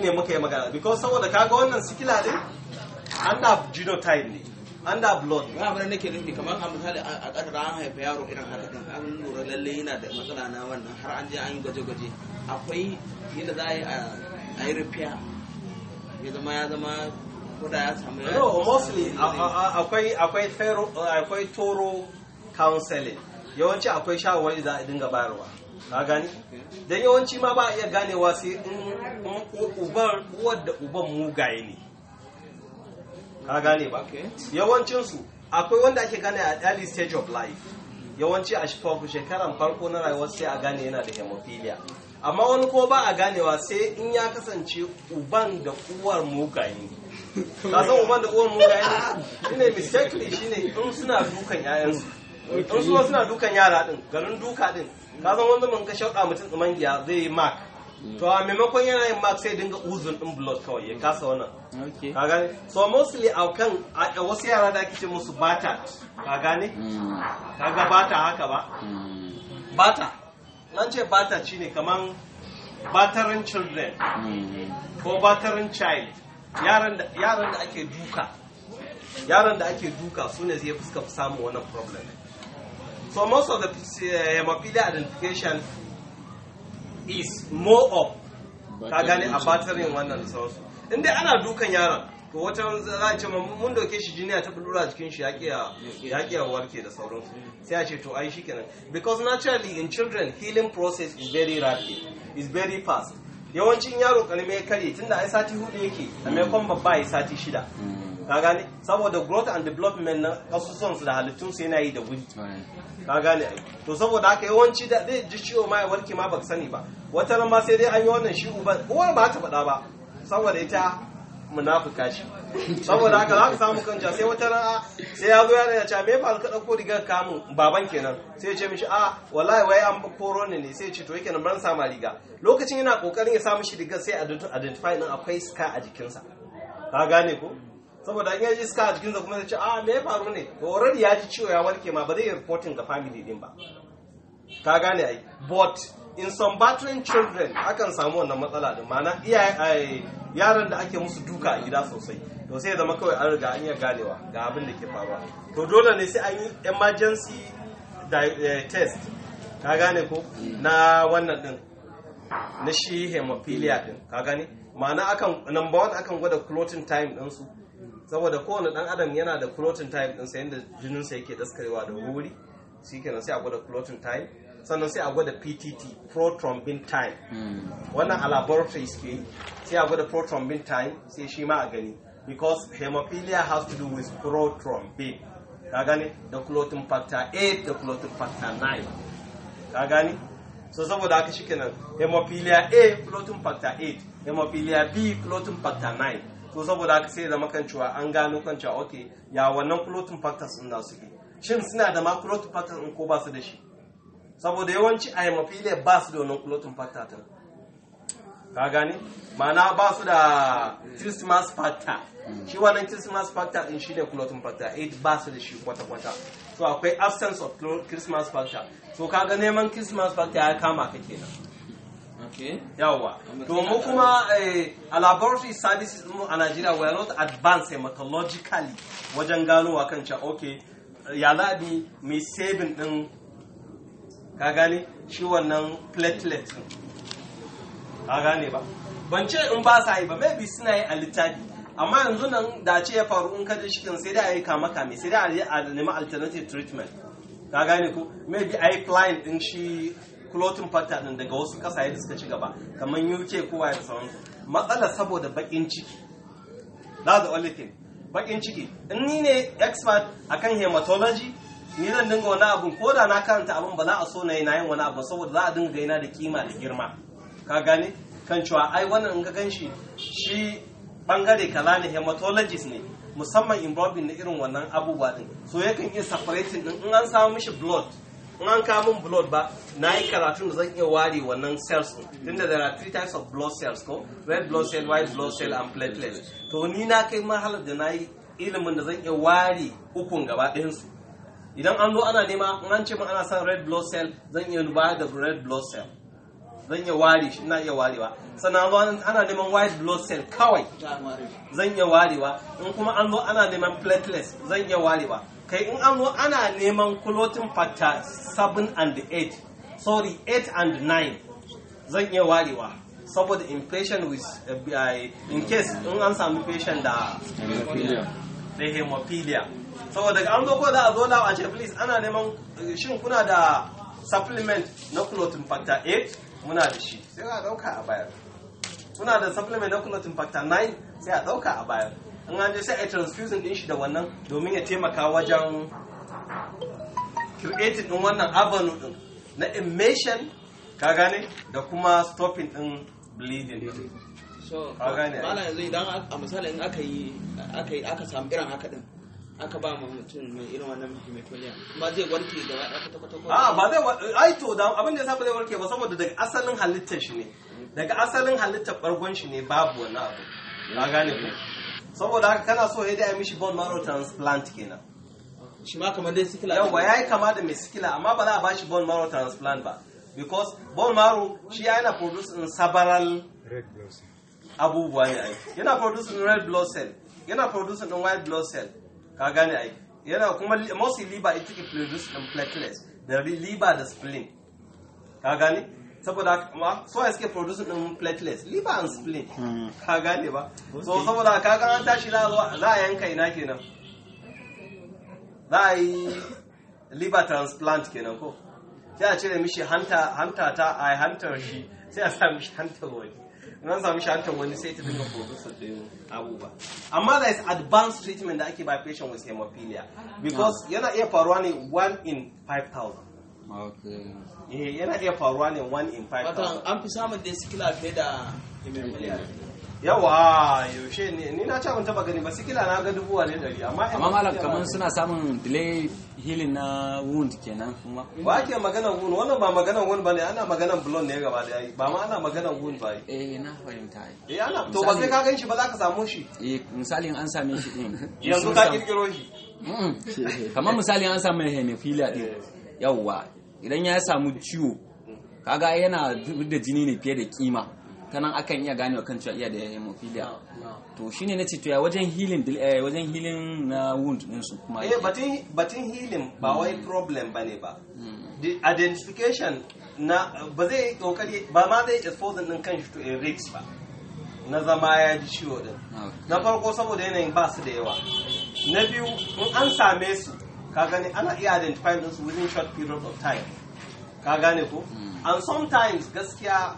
ne muka yi magana because saboda kaga wannan sikila din under genotype ne under blood ba abin nake nufi kamar a misali a kadara an haifa yaro irin haka din an lura lalle yana da matsala na wannan har an je an yi gwaje-gwaje akwai yadda za a yi rufiya ya zama ya zama koda ya samu ya no mostly akwai akwai akwai toro counseling yawanci akwai shawarwari za a dinga bayarwa ka gani dan yawanci ma ba a iya ganewa sai in uban uwar da uban mugaye ne ka gane ba yawancinsu akwai wanda ake gane a early stage of life yawanci a shekaran farko na rayuwar sai a gane yana da hemophilia amma wani ko ba a ganewa sai in ya kasance uban da uwar mugaye ka san uban da uwar mugaye shine shi ne in suna dukan yayansu in suna dukan yara din garin duka din ka zan wanda mun ka shauɗa mutum giya zai yi mark to a maimakon yana yin mark sai dinga uzun din blood kawai ya kasa wannan ka gane so mostly a kan a wasu yara da ake ce musu bata ka gane hmm. ka ga bata haka ba hmm. bata nan ce bata shine kaman battering children hmm. ko battering child yaran da ake duka yaran da ake duka su ne zai fuska samun wannan problem So most of the hemophilia eh, identification is more of ka gane a batarin wannan sauransu in dai ana dukan yaron to wata za a ce mun dauke shi jini a ta bulura jikin shi ya a warke da sauransu sai a ce to ai kenan because naturally in children healing process is very rapid is very fast yawancin yaro karme ya karye tunda ai sati hudu yake a maimakon babba ya sati shida mm. ka gane saboda growth and development na kasusuwan su da halittun su yana yi da wuri ka gane to saboda haka yawanci da zai ji ciwo ma ya warke ma baka sani ba wata ma sai dai an yi wannan shi uba uwar ba ta faɗa ba saboda ita munafuka shi saboda haka za ka samu kanta sai wata ra'a ah, sai ya zo ya rana ce me ba ka dauko rigar kamun baban kenan sai ya ce mishi a ah, wallahi wai an koro ne ne sai ya ce to yake nan ban samu riga lokacin yana kokarin ya samu shi rigar sai identify din akwai ska a jikinsa ka gane ko saboda an yaji ji iska a jikinsa kuma zai ce a ah, me ya faru ne to already ya ji ciwo ya warke ma ba zai reporting ga family din ba ka gane ai but in some battling children akan samu wannan matsala din ma'ana iyaye yaran da ake musu duka a gida sosai to sai ya zama kawai an riga an iya ganewa ga abin da ke faruwa to dole ne sai an yi emergency eh, test ka gane ko na wannan din na shi hemophilia din ka gane ma'ana akan number one akan gwada clotting time din su. saboda kowane dan adam yana da clotting time din sa yanda jininsa yake daskarewa da wuri shikenan sai a gwada clotting time sannan sai a gwada PTT prothrombin time hmm. wannan a laboratory suke sai a gwada prothrombin time sai shi ma a gani because hemophilia has to do with prothrombin ka gani da clotting factor 8 da clotting factor 9 ka gani. so saboda haka shikenan hemophilia A clotting factor 8 hemophilia B clotting factor 9 to saboda haka sai zama kan cewa an gano kan cewa ya wannan clothing factors din nasu ke shin suna da ma clothing factors din ko ba su da shi saboda yawanci a hemophilia ba su da wannan clothing factor din ka gane ma'ana ba su da christmas factor shi wannan christmas factor din shine clothing factor 8 eh, ba su da shi kwata-kwata so akwai absence of christmas factor so ka ga neman christmas factor ya kama ka kenan Yawa. to mu kuma eh, a laboratory services mu a Najeriya we are not advanced methodologically wajen ganowa kan cewa okay ya za bi mai saving din ka gane shi wannan platelet ka gane ba ban ce in ba sa yi ba maybe suna yi a littafi amma yanzu nan da ce ya faru in ka ji shikin sai dai a yi kama kame sai dai a nemi alternative treatment ka gane ko maybe a yi plan din shi clothing pattern din daga wasu kasaye da suka ci gaba kamar UK ko waye sauran sauransu matsala saboda bakin ciki that's da only thing bakin ciki in ni ne expert akan hematology ni zan dinga wani abu ko da na karanta abun ba za a so na yi na yin wani abu saboda za a dinga gaina da kima da girma ka gane kan cewa ai wannan in ka gan shi bangare kaza ne hematologist ne musamman involving na irin wannan abubuwa din so yakan iya separating din in an samu mishi blood in an kawo mun blood ba na yi karatun da zan iya ware wannan cells din tunda there are three types of blood cells ko red blood cell white blood cell and platelet to ni na kai marhalar da na yi ilimin da zan iya ware ukun gaba ɗayansu idan an zo ana nema in an ce mun ana son red blood cell zan iya ba da red blood cell zan iya ware shi ina iya warewa sannan zo ana neman white blood cell kawai zan iya warewa in kuma an zo ana neman platelets zan iya warewa kai in an zo ana neman clothing factor 7 and 8 sorry 8 and 9 zan iya warewa saboda in patient with FBI eh, in case in an samu patient da da hemophilia saboda an zo ko za a zo da a ce please ana neman eh, shin kuna da supplement na clothing factor 8 muna da shi sai a dauka a bayar kuna da supplement na clothing factor 9 sai a dauka a bayar in an je sai a transfusion din shi da wannan domin ya taimaka wajen creating din wannan avenue din na immersion ka gane da kuma stopping din bleeding so bala yanzu idan a misali in aka yi aka yi aka samu irin haka din aka ba mu mutum mai irin wannan hemophilia ba zai warke da ɗaya kwata kwata a ah, ba zai ai to da abin da yasa ba zai warke ba saboda daga asalin halittar shi ne daga asalin halittar bargon shi ne babu wani abu ka gane ko saboda haka kana so ya da mishi bone marrow transplant kenan shi ma kamar dai sikila yawa yayi kama da mai sikila amma ba za a bashi bone marrow transplant ba because bone marrow shi yana producing several red blood abubuwa ne ai yana producing red blood cell yana produce in white blood cell ka gane ai yana kuma mostly liver ita ke in platelets da liver da spleen ka gane saboda ma so suke producing din platelets liver and spleen hmm. ka gane ba so saboda ka ga an tashi za a yanka ina kenan za a yi liver transplant kenan ko sai a cire mishi hanta hanta ta a hantar shi sai a sa mishi hantar wani nan sami shantar wani sai ta dinga producer din abubuwa amma there is advanced treatment da ake by patient with hemophilia hmm. because yana iya faruwa ne 1 in 5000 eh yana iya faruwa ne one in five watan uh, an fi samun da sikila fiye da yawa yaushe ne ni na cabin taba gani ba sikila na ga dubu wale dari amma amma malam kaman suna samun delay healing na wound kenan kuma ba ke magana wound wannan ba magana wound bane ana magana blood ne gaba da ba ma ana magana wound ba eh na fahimta eh ana to ba sai ka gan shi ba za ka samu shi eh misali an same shi din yanzu ka kirkiro shi kamar misali an samu hemophilia din eh. yawwa idan ya samu ciwo kaga yana da jini ne fiye da kima ta nan akan iya gane kan cewa iya da hemophilia to shine na ce to ya wajen healing eh, wajen healing na wound din su kuma eh batun healing ba wai mm. problem ba ne ba mm. the identification na ba zai kokari ba ma zai expose din shi to a risk ba na zama ya ji ciwo din na farko saboda yanayin ba su da yawa na biyu in an same su ka gane ana iya identify those within short period of time ka gane ko mm. and sometimes gaskiya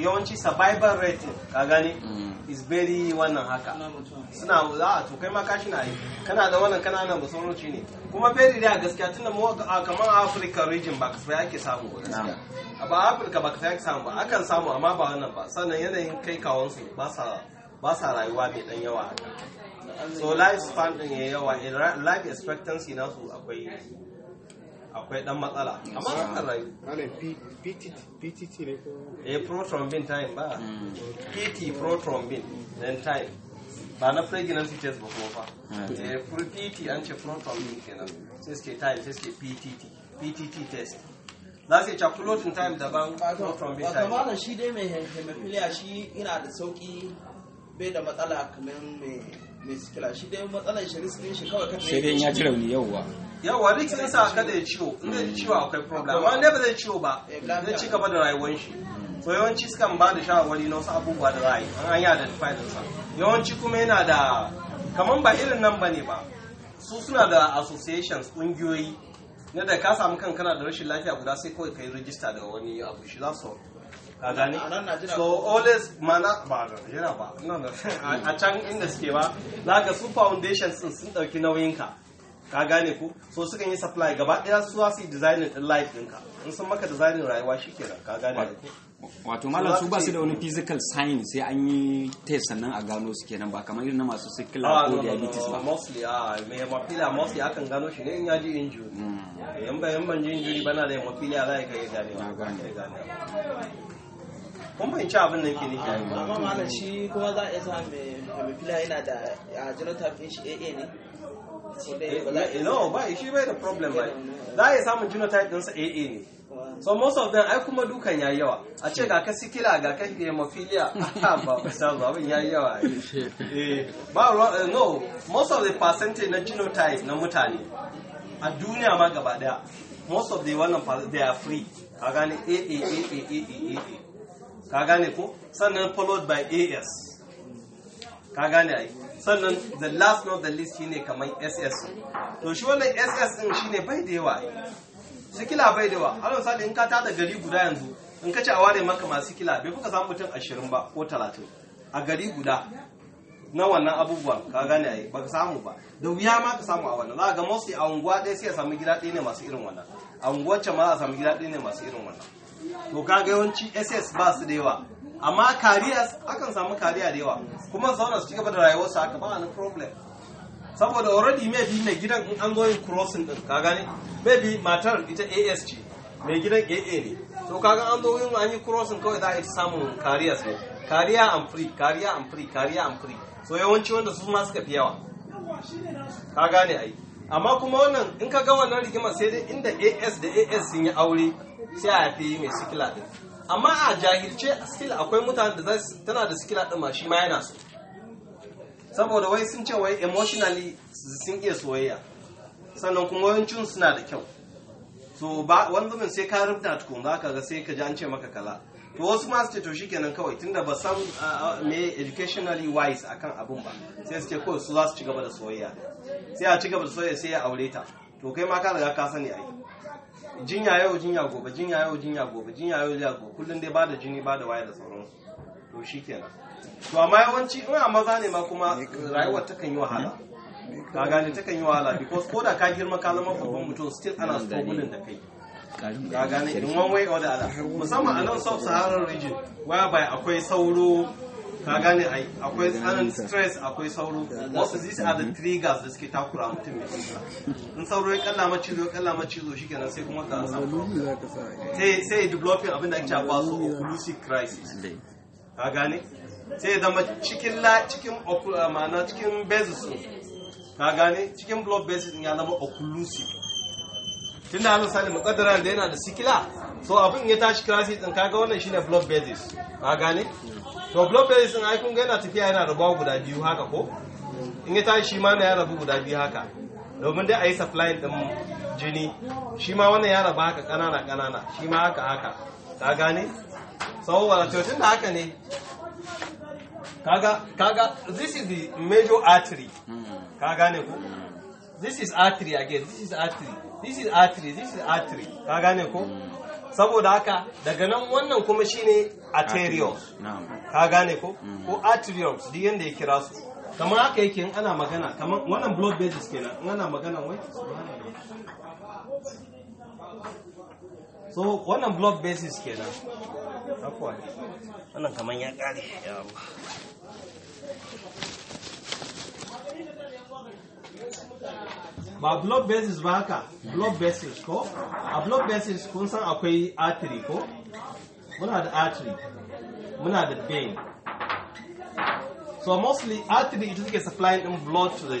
yawanci survival rate ka gane mm. is very wannan haka suna za a to kai ma kashi na yi kana da wannan kana nan ba ne kuma very rare gaskiya tunda mu kamar Africa region ba kasai ake samu ba gaskiya ba Africa ba kasai ake samu ba akan samu amma ba wannan ba sannan yanayin kai kawansu ba sa rayuwa mai dan yawa haka so life span din ya yawa life expectancy na su akwai akwai dan matsala amma sun kan rayu ptt ne ko eh prothrombin time ba hmm. pt prothrombin then time ba na pregnancy test ba kuma fa hmm. eh pt an ce prothrombin kenan sai suke time sai suke ptt ptt test za su yi cakulatin time daban prothrombin time ba kamar shi dai mai hemophilia shi ina da sauki bai da matsala kamar mai mai sikila shi dai matsalar shi riskin shi kawai kada ya ji rauni yawwa. sa kada ya ciwo in zai ciwo akwai problem amma ne ba zai ciwo ba eh, zai ci gaba da rayuwar shi so yawanci sukan ba da shawarwari na wasu abubuwa da rayu an an yada da sa yawanci kuma yana da kamar ba irin nan ba ne ba su suna da associations kungiyoyi na da ka samu kankana da rashin lafiya guda sai kawai ka yi rijista da wani abu shi za su ka gane so always mana ba yana ba a can inda suke ba zaka su foundations din sun dauki nauyin ka ka gane ku so suka yi supply gaba daya su za su yi designing din life ɗinka in sun maka designing rayuwa shikenan ka gane ku wato malam su ba su da wani physical sign sai an yi test sannan a gano su kenan ba kamar irin na masu sickle ko ah, diabetes ba mostly a ah, me hemophilia mostly akan gano shi ne in ya ji injury hmm. yan ban ji injury bana da hemophilia za ka yi gane ba kun fahimci abin da ke ne ke amma malam shi kuma za a iya sa mai fila yana da a genotype din shi AA ne no ba shi bai da problem ba eh. za a iya samun genotype din sa AA ne so most of them ai kuma dukan yayi yawa a ce ga ka sikila ga ka hemophilia ah, ba sa ba abin yayi yawa eh ba eh, no most of the percentage na genotype na mutane a duniya ma gaba daya most of the wannan they are free a gane AA ka gane ko sannan followed by as ka gane ai sannan the last not the least shine kamar ss to shi wannan ss din shine bai da yawa sikila bai da yawa har yanzu in ka tada gari guda yanzu in ka ci a ware maka masu sikila bai fuka samu mutum ashirin ba ko talatin a gari guda na wannan abubuwan ka gane ai ba ka samu ba da wuya ma ka samu a wannan za ga mostly a unguwa ɗaya sai a samu gida ɗaya ne masu irin wannan a unguwar ma za a samu gida ɗaya ne masu irin wannan to kaga yawanci ss ba su da yawa amma kariyas akan samu kariya da yawa kuma zauna su cigaba da rayuwarsu haka ba wani problem saboda already bi mai gidan in an zo yin crossing din ka gane maybe matar ita as ce mai gidan aa ne to kaga an zo yin an yi crossing kawai za a yi samun kariyas ne kariya and free kariya and free kariya and free so yawanci wanda su ma suka fi yawa ka gane ai amma kuma wannan in ka ga wannan rigimar sai dai inda as da as sun yi aure sai a haifi mai sikila din amma a jahilce still akwai mutane da zai tana da sikila din ma shi ma yana so saboda wai sun ce wai emotionally sun iya soyayya sannan kuma yawancin suna da kyau so ba wani zubin sai ka rubuta tukun za ka ga sai ka ji an ce maka kala. to wasu masu ce to shikenan kawai tunda ba san me educationally wise akan abun ba sai su ce kawai su za su ci gaba da soyayya sai a ci gaba da soyayya sai ya aure ta to kai ma ka riga ka sani ai jinya yau jinya gobe jinya yau jinya gobe jinya yau jinya gobe kullum dai bada jini bada waya da sauransu to shi kenan to amma yawanci in a maza ne ma kuma rayuwar kan yi wahala ka gane kan yi wahala because ko da ka girma ka zama babban mutum still ana struggling da kai ka gane in one way or the other musamman a nan sub saharan region whereby akwai sauro ka gane ai akwai tsanin stress akwai sauro wasu these are the triggers da suke takura mutum mai cuta in sauro ya kalla macizo ya kalla macizo shi kenan sai kuma ka samu sai sai developing abinda ake cewa so occlusive crisis ka gane sai zama cikin la cikin ah, ma'ana cikin basis ka gane cikin blood basis ya zama occlusive da an salim mukaddara da yana da sikila so abin ya tashi crisis din kaga wannan shine blood basis ka gane to blockbase din ai kun ga yana tafiya yana rabuwa guda biyu haka ko in ya tashi shi ma na ya rabu guda biyu haka domin dai a yi supply din jini shi ma wannan ya raba haka kanana kanana shi ma haka haka ka gane wala tun da haka ne kaga kaga this is the major artery ka gane ko this is artery again this is artery this is artery this is artery ka gane ko. saboda haka daga nan wannan kuma shine arterioles. ka gane ko mm. ko arterioles duk yanda ya kira su kamar haka yake in ana magana kamar wannan blood vessels kenan in ana magana wai so wannan blood basis kenan akwai wannan kamar ya kare ba blood vessels ba haka blood vessels ko a blood vessels kun san akwai artery ko muna da artery muna da vein so mostly artery ita suke supplying in blood to the,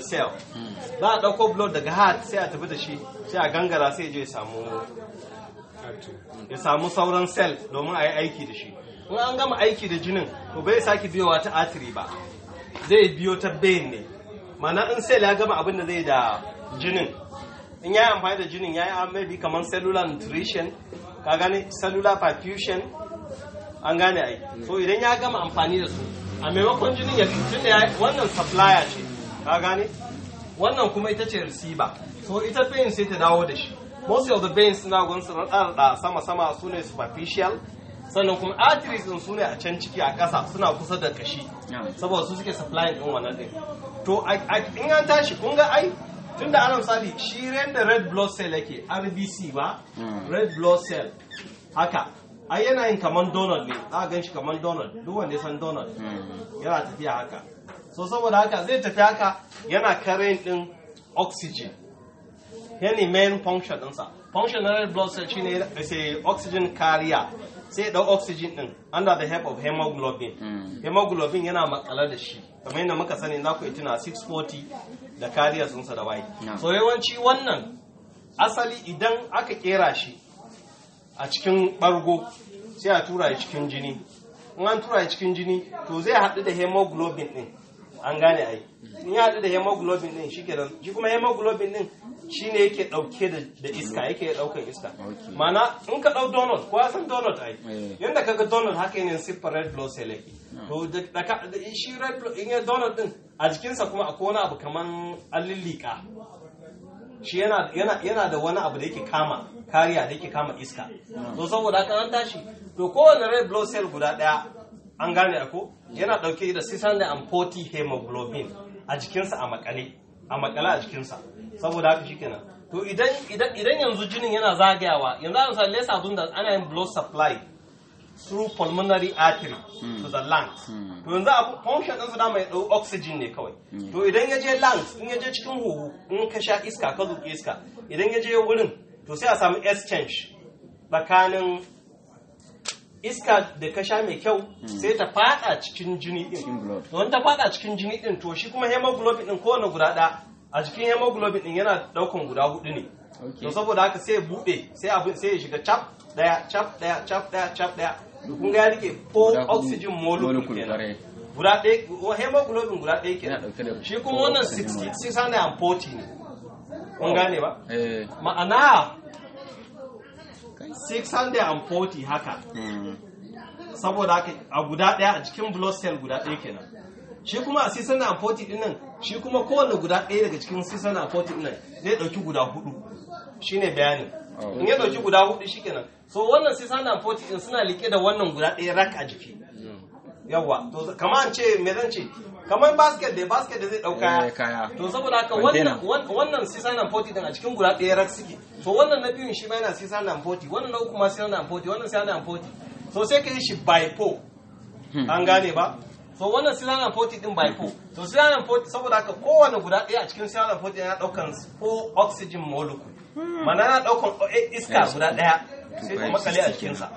cell hmm. za a ɗauko blood daga heart sai a tafi da shi sai a gangara sai je samu ya samu sauran cell domin a yi aiki da shi kuma an gama aiki da jinin to bai sake biyowa ta artery ba zai biyo ta vein ne mana in sel ya gama abin da zai da jinin in ya yi amfani da jinin ya yi maybe kamar cellular nutrition ka gane cellular perfusion an gane ai so idan ya gama amfani da su a maimakon jinin ya tun da wannan supplier ce ka gane wannan kuma ita ce receiver so ita pain sai ta dawo da shi most of the veins suna gun su rada sama sama su ne superficial sannan kuma arteries din su ne a can ciki a ƙasa suna kusa da kashi saboda su suke supplying din wannan din to in an tashi kun ga ai tun da alam sali shi da red blood cell yake rbc ba hmm. red blood cell haka ai yana yin kamar donald ne za a gan shi kamar donald duk wanda ya san donald hmm. yana tafiya haka so saboda haka zai tafi haka yana karen din oxygen yani main function ɗinsa functional blood cell shine say oxygen carrier sai dau oxygen din under the help of hemoglobin hmm. hemoglobin yana makala da shi kamar yadda muka sani za ku yi tuna 640 da kariya sun sa da bai so yawanci wannan asali idan aka kera shi a cikin bargo sai a tura shi cikin jini in an tura shi cikin jini to zai haɗu da hemoglobin din an gane ai in ya haɗu da hemoglobin din shi kenan shi kuma hemoglobin din shi ne yake ɗauke da iska yake ɗaukan iska mana in ka ɗau donut ko san donut ai eh. yadda ka ga donut haka ne siffar red blood cell yake ah. to shi red blood in ya donut din a jikinsa kuma a kona abu kaman allilika shi yana da wani abu da yake kama kariya da yake kama iska ah. to saboda haka an tashi to kowane red blood cell guda ɗaya an gane ako yana dauke da 640 hemoglobin a jikinsa a makale a makale a jikinsa saboda haka shikenan to idan idan idan yanzu jinin yana zagayawa yanzu an san lesa da ana yin blood supply through pulmonary artery hmm. to the lungs hmm. to yanzu abu function din su da mai dau oxygen ne kawai hmm. to idan ya je lungs in ya je cikin huhu in ka sha iska ka zuke iska idan ya je wurin to sai a samu exchange tsakanin iska da ka sha mai kyau sai ta fada cikin jini din don ta fada cikin jini din to shi kuma hemoglobin din kowane guda ɗaya a jikin hemoglobin din yana daukan guda hudu ne to saboda haka sai bude sai abin sai ya shiga chap daya chap daya chap daya chap daya kun ga ya rike ko oxygen molecule kenan guda ɗaya hemoglobin guda ɗaya kenan shi kuma wannan 640 ne kun oh. gane ba eh. ma'ana 640 haka mm. saboda haka a guda daya a cikin blood cell guda daya kenan shi kuma a 640 dinnan shi kuma kowane guda daya daga cikin 640 dinnan zai dauki guda hudu shine bayani. Oh. in ya dauki guda hudu shikenan so wannan 640 din suna like da wannan guda daya rak a jiki mm. yawa to kamar an ce me zan ce kamar basket da basket da zai dauka eh, kaya to saboda haka wannan wannan 640 din a cikin guda ɗaya rak suke so wannan na biyun shi ma yana 640 wannan na uku ma 640 wannan 640 so sai ka yi shi by hmm. an gane ba so wannan 640 din by 4 so 640 saboda haka kowanne guda ɗaya a cikin 640 yana daukan 4 oxygen molecule hmm. mana yana daukan eh, iska guda ɗaya sai ya makale a cikinsa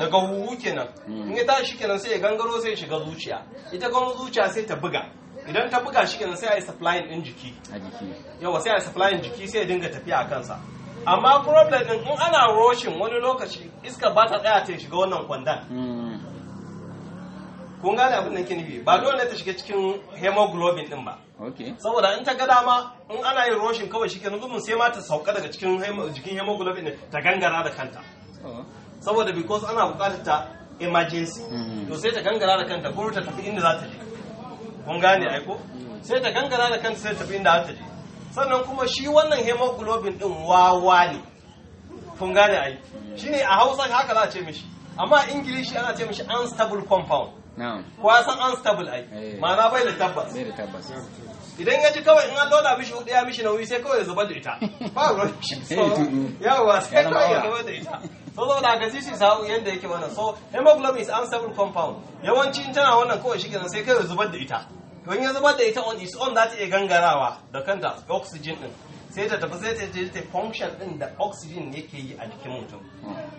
daga huhu kenan in ya tashi kenan sai ya gangaro sai shiga zuciya ita kuma zuciya sai ta buga idan ta buga shi kenan sai a yi supplying din jiki yawa sai a yi supplying jiki sai ya dinga tafiya a kansa amma problem din in ana roshin wani lokaci iska ba ta tsaya ta shiga wannan kwandan hmm. kun gane abin da ke nufi ba dole ta shiga cikin hemoglobin din ba saboda in ta ga dama in ana yin roshin kawai shi kenan gudun sai mata sauka daga cikin jikin hemoglobin ta gangara da kanta oh. saboda because ana bukatar ta emergency mm-hmm. to sai ta gangara da kanta ko ta tafi inda za ta je kun gane aiko mm-hmm. sai ta gangara da kanta sai ta tafi inda za ta je sannan kuma shi wannan hemoglobin din wawa ne kun gane ai mm-hmm. shine a Hausa haka za a ce mishi amma a Ingilishi ana ce mishi unstable compound ko san unstable ai eh. ma'ana bai da tabbas idan ya ji kawai in an loda mishi hudu ya mishi nauyi sai kawai ya zubar da ita ba ruwan shi eh, yawa sai kawai ya zubar da ita so zo da gazi shi sa'u yadda yake wannan so hemoglobin is unstable compound yawanci tana wannan kawai shi kenan sai kawai zubar da ita Don in ya zubar da ita on its own za ta iya gangarawa da kanta oxygen din sai ta tafi sai ta je ta function din da oxygen yake yi a jikin mutum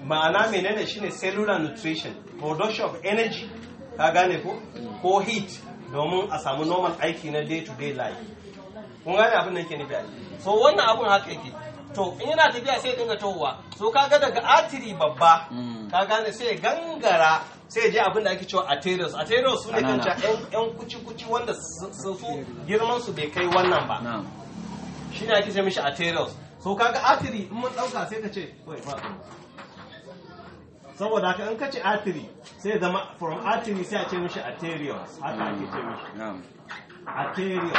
ma'ana menene shine cellular nutrition production of energy ka gane ko ko heat domin a samu normal aiki na day to day life kun gane abin da ke nufi so wannan abun haka yake to in yana tafiya sai dinga tohuwa so kaga daga atiri babba mm. ka gane sai gangara sai je abin da ake cewa arterios arterios su ne kanta yan kuci kuci wanda su girman su bai kai wannan ba shine ake ce mishi arterios so kaga atiri in mun dauka sai ka ce ba saboda haka in ka ce artery sai zama from artery sai a ce mishi arterial haka ake ce mishi mm, arterium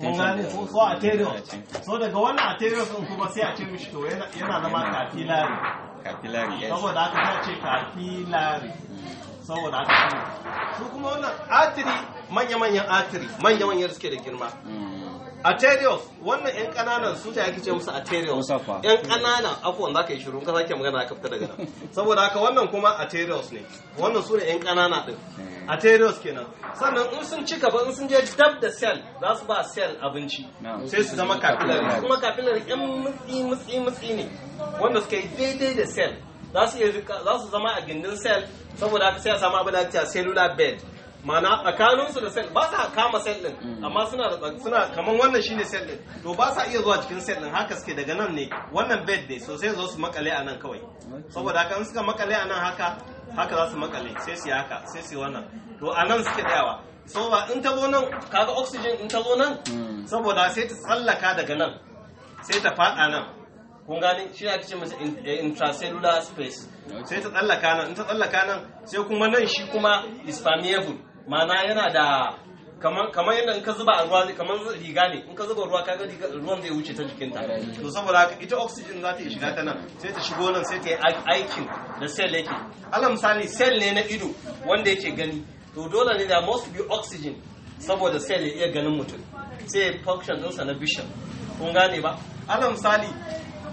kun gane ko so arterial so daga wannan arterial sun kuma sai a ce mishi to yana zama capillary capillary yes saboda haka ta ce capillary mm. saboda haka su kuma wannan artery manya-manyan artery manya-manyan suke da girma mm. Aterios wannan yan ƙananan su ta yake ce musu aterios yan kananan afuwan ka yi shiru ka sake magana ka fita daga nan saboda haka wannan kuma aterios ne wannan su ne yan ƙanana din hmm. aterios kenan sannan in sun ci gaba in sun je dab da cell za su ba cell abinci sai su zama capillary kuma capillary yan mutsi mutsi mutsi ne wanda suka yi daidai da cell za su zama a gindin cell saboda haka sai a samu abin da ake cellular bed mana tsakaninsu da sel ba sa kama sel din amma suna da suna kaman wannan shine sel din to ba sa iya zuwa cikin sel din haka suke daga nan ne wannan bed ne so sai zo su makale a nan kawai saboda haka in suka makale a nan haka haka za su makale sai su haka sai su wannan to a nan suke tsayawa saboda in ta zo nan kaga oxygen in ta zo nan saboda sai ta tsallaka daga nan sai ta faɗa nan kun gani shi ake ce masa eh, intracellular space sai ta tsallaka nan in ta tsallaka nan sai kuma nan shi kuma is permeable mana yana da kamar yadda in ka zuba a ruwa kamar riga ne in ka zuba ruwa gani ruwan zai wuce ta jikinta to saboda haka ita oxygen za ta yi shiga ta nan sai ta shigo nan sai ta yi aikin da cell yake ala misali cell ne na ido wanda yake gani to dole ne da must be oxygen saboda cell ya iya ganin mutum sai function dinsa na vision kun gane ba ala misali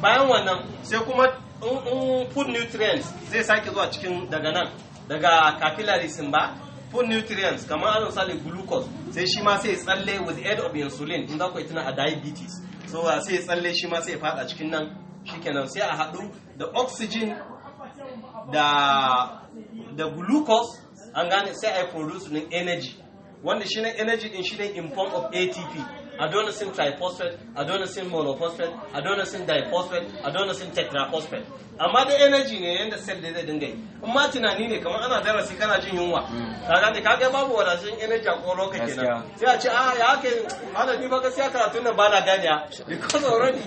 bayan wannan sai kuma in food nutrients zai sake zuwa cikin daga nan daga capillaries ba food nutrients kamar an misali glucose sai shi ma sai tsalle with aid of insulin in za ku tuna a diabetes so uh, sai tsalle shi ma sai fada cikin nan shikenan sai a haɗu da oxygen da da glucose an gane sai a produce din energy wanda shi ne energy din shi ne in form of ATP adenosine triphosphate adenosine monophosphate adenosine diphosphate adenosine tetraphosphate amma da energy ne yanda cell da zai dinga yi amma tunani ne kamar ana darasi kana jin yunwa mm. kaga ne kaga babu wadatun energy a koro ka kenan sai a ce a ah, ya ke malami ba gaskiya karatun nan ba na gane because already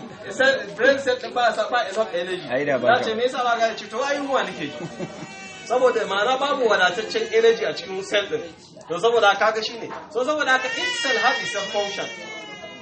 brain cell din ba sa ba enough energy ai da ba ce me yasa ba ga ce to ai yunwa nake ji saboda ma'ana babu wadataccen energy a cikin cell din to saboda kaga shine so saboda haka each cell have its function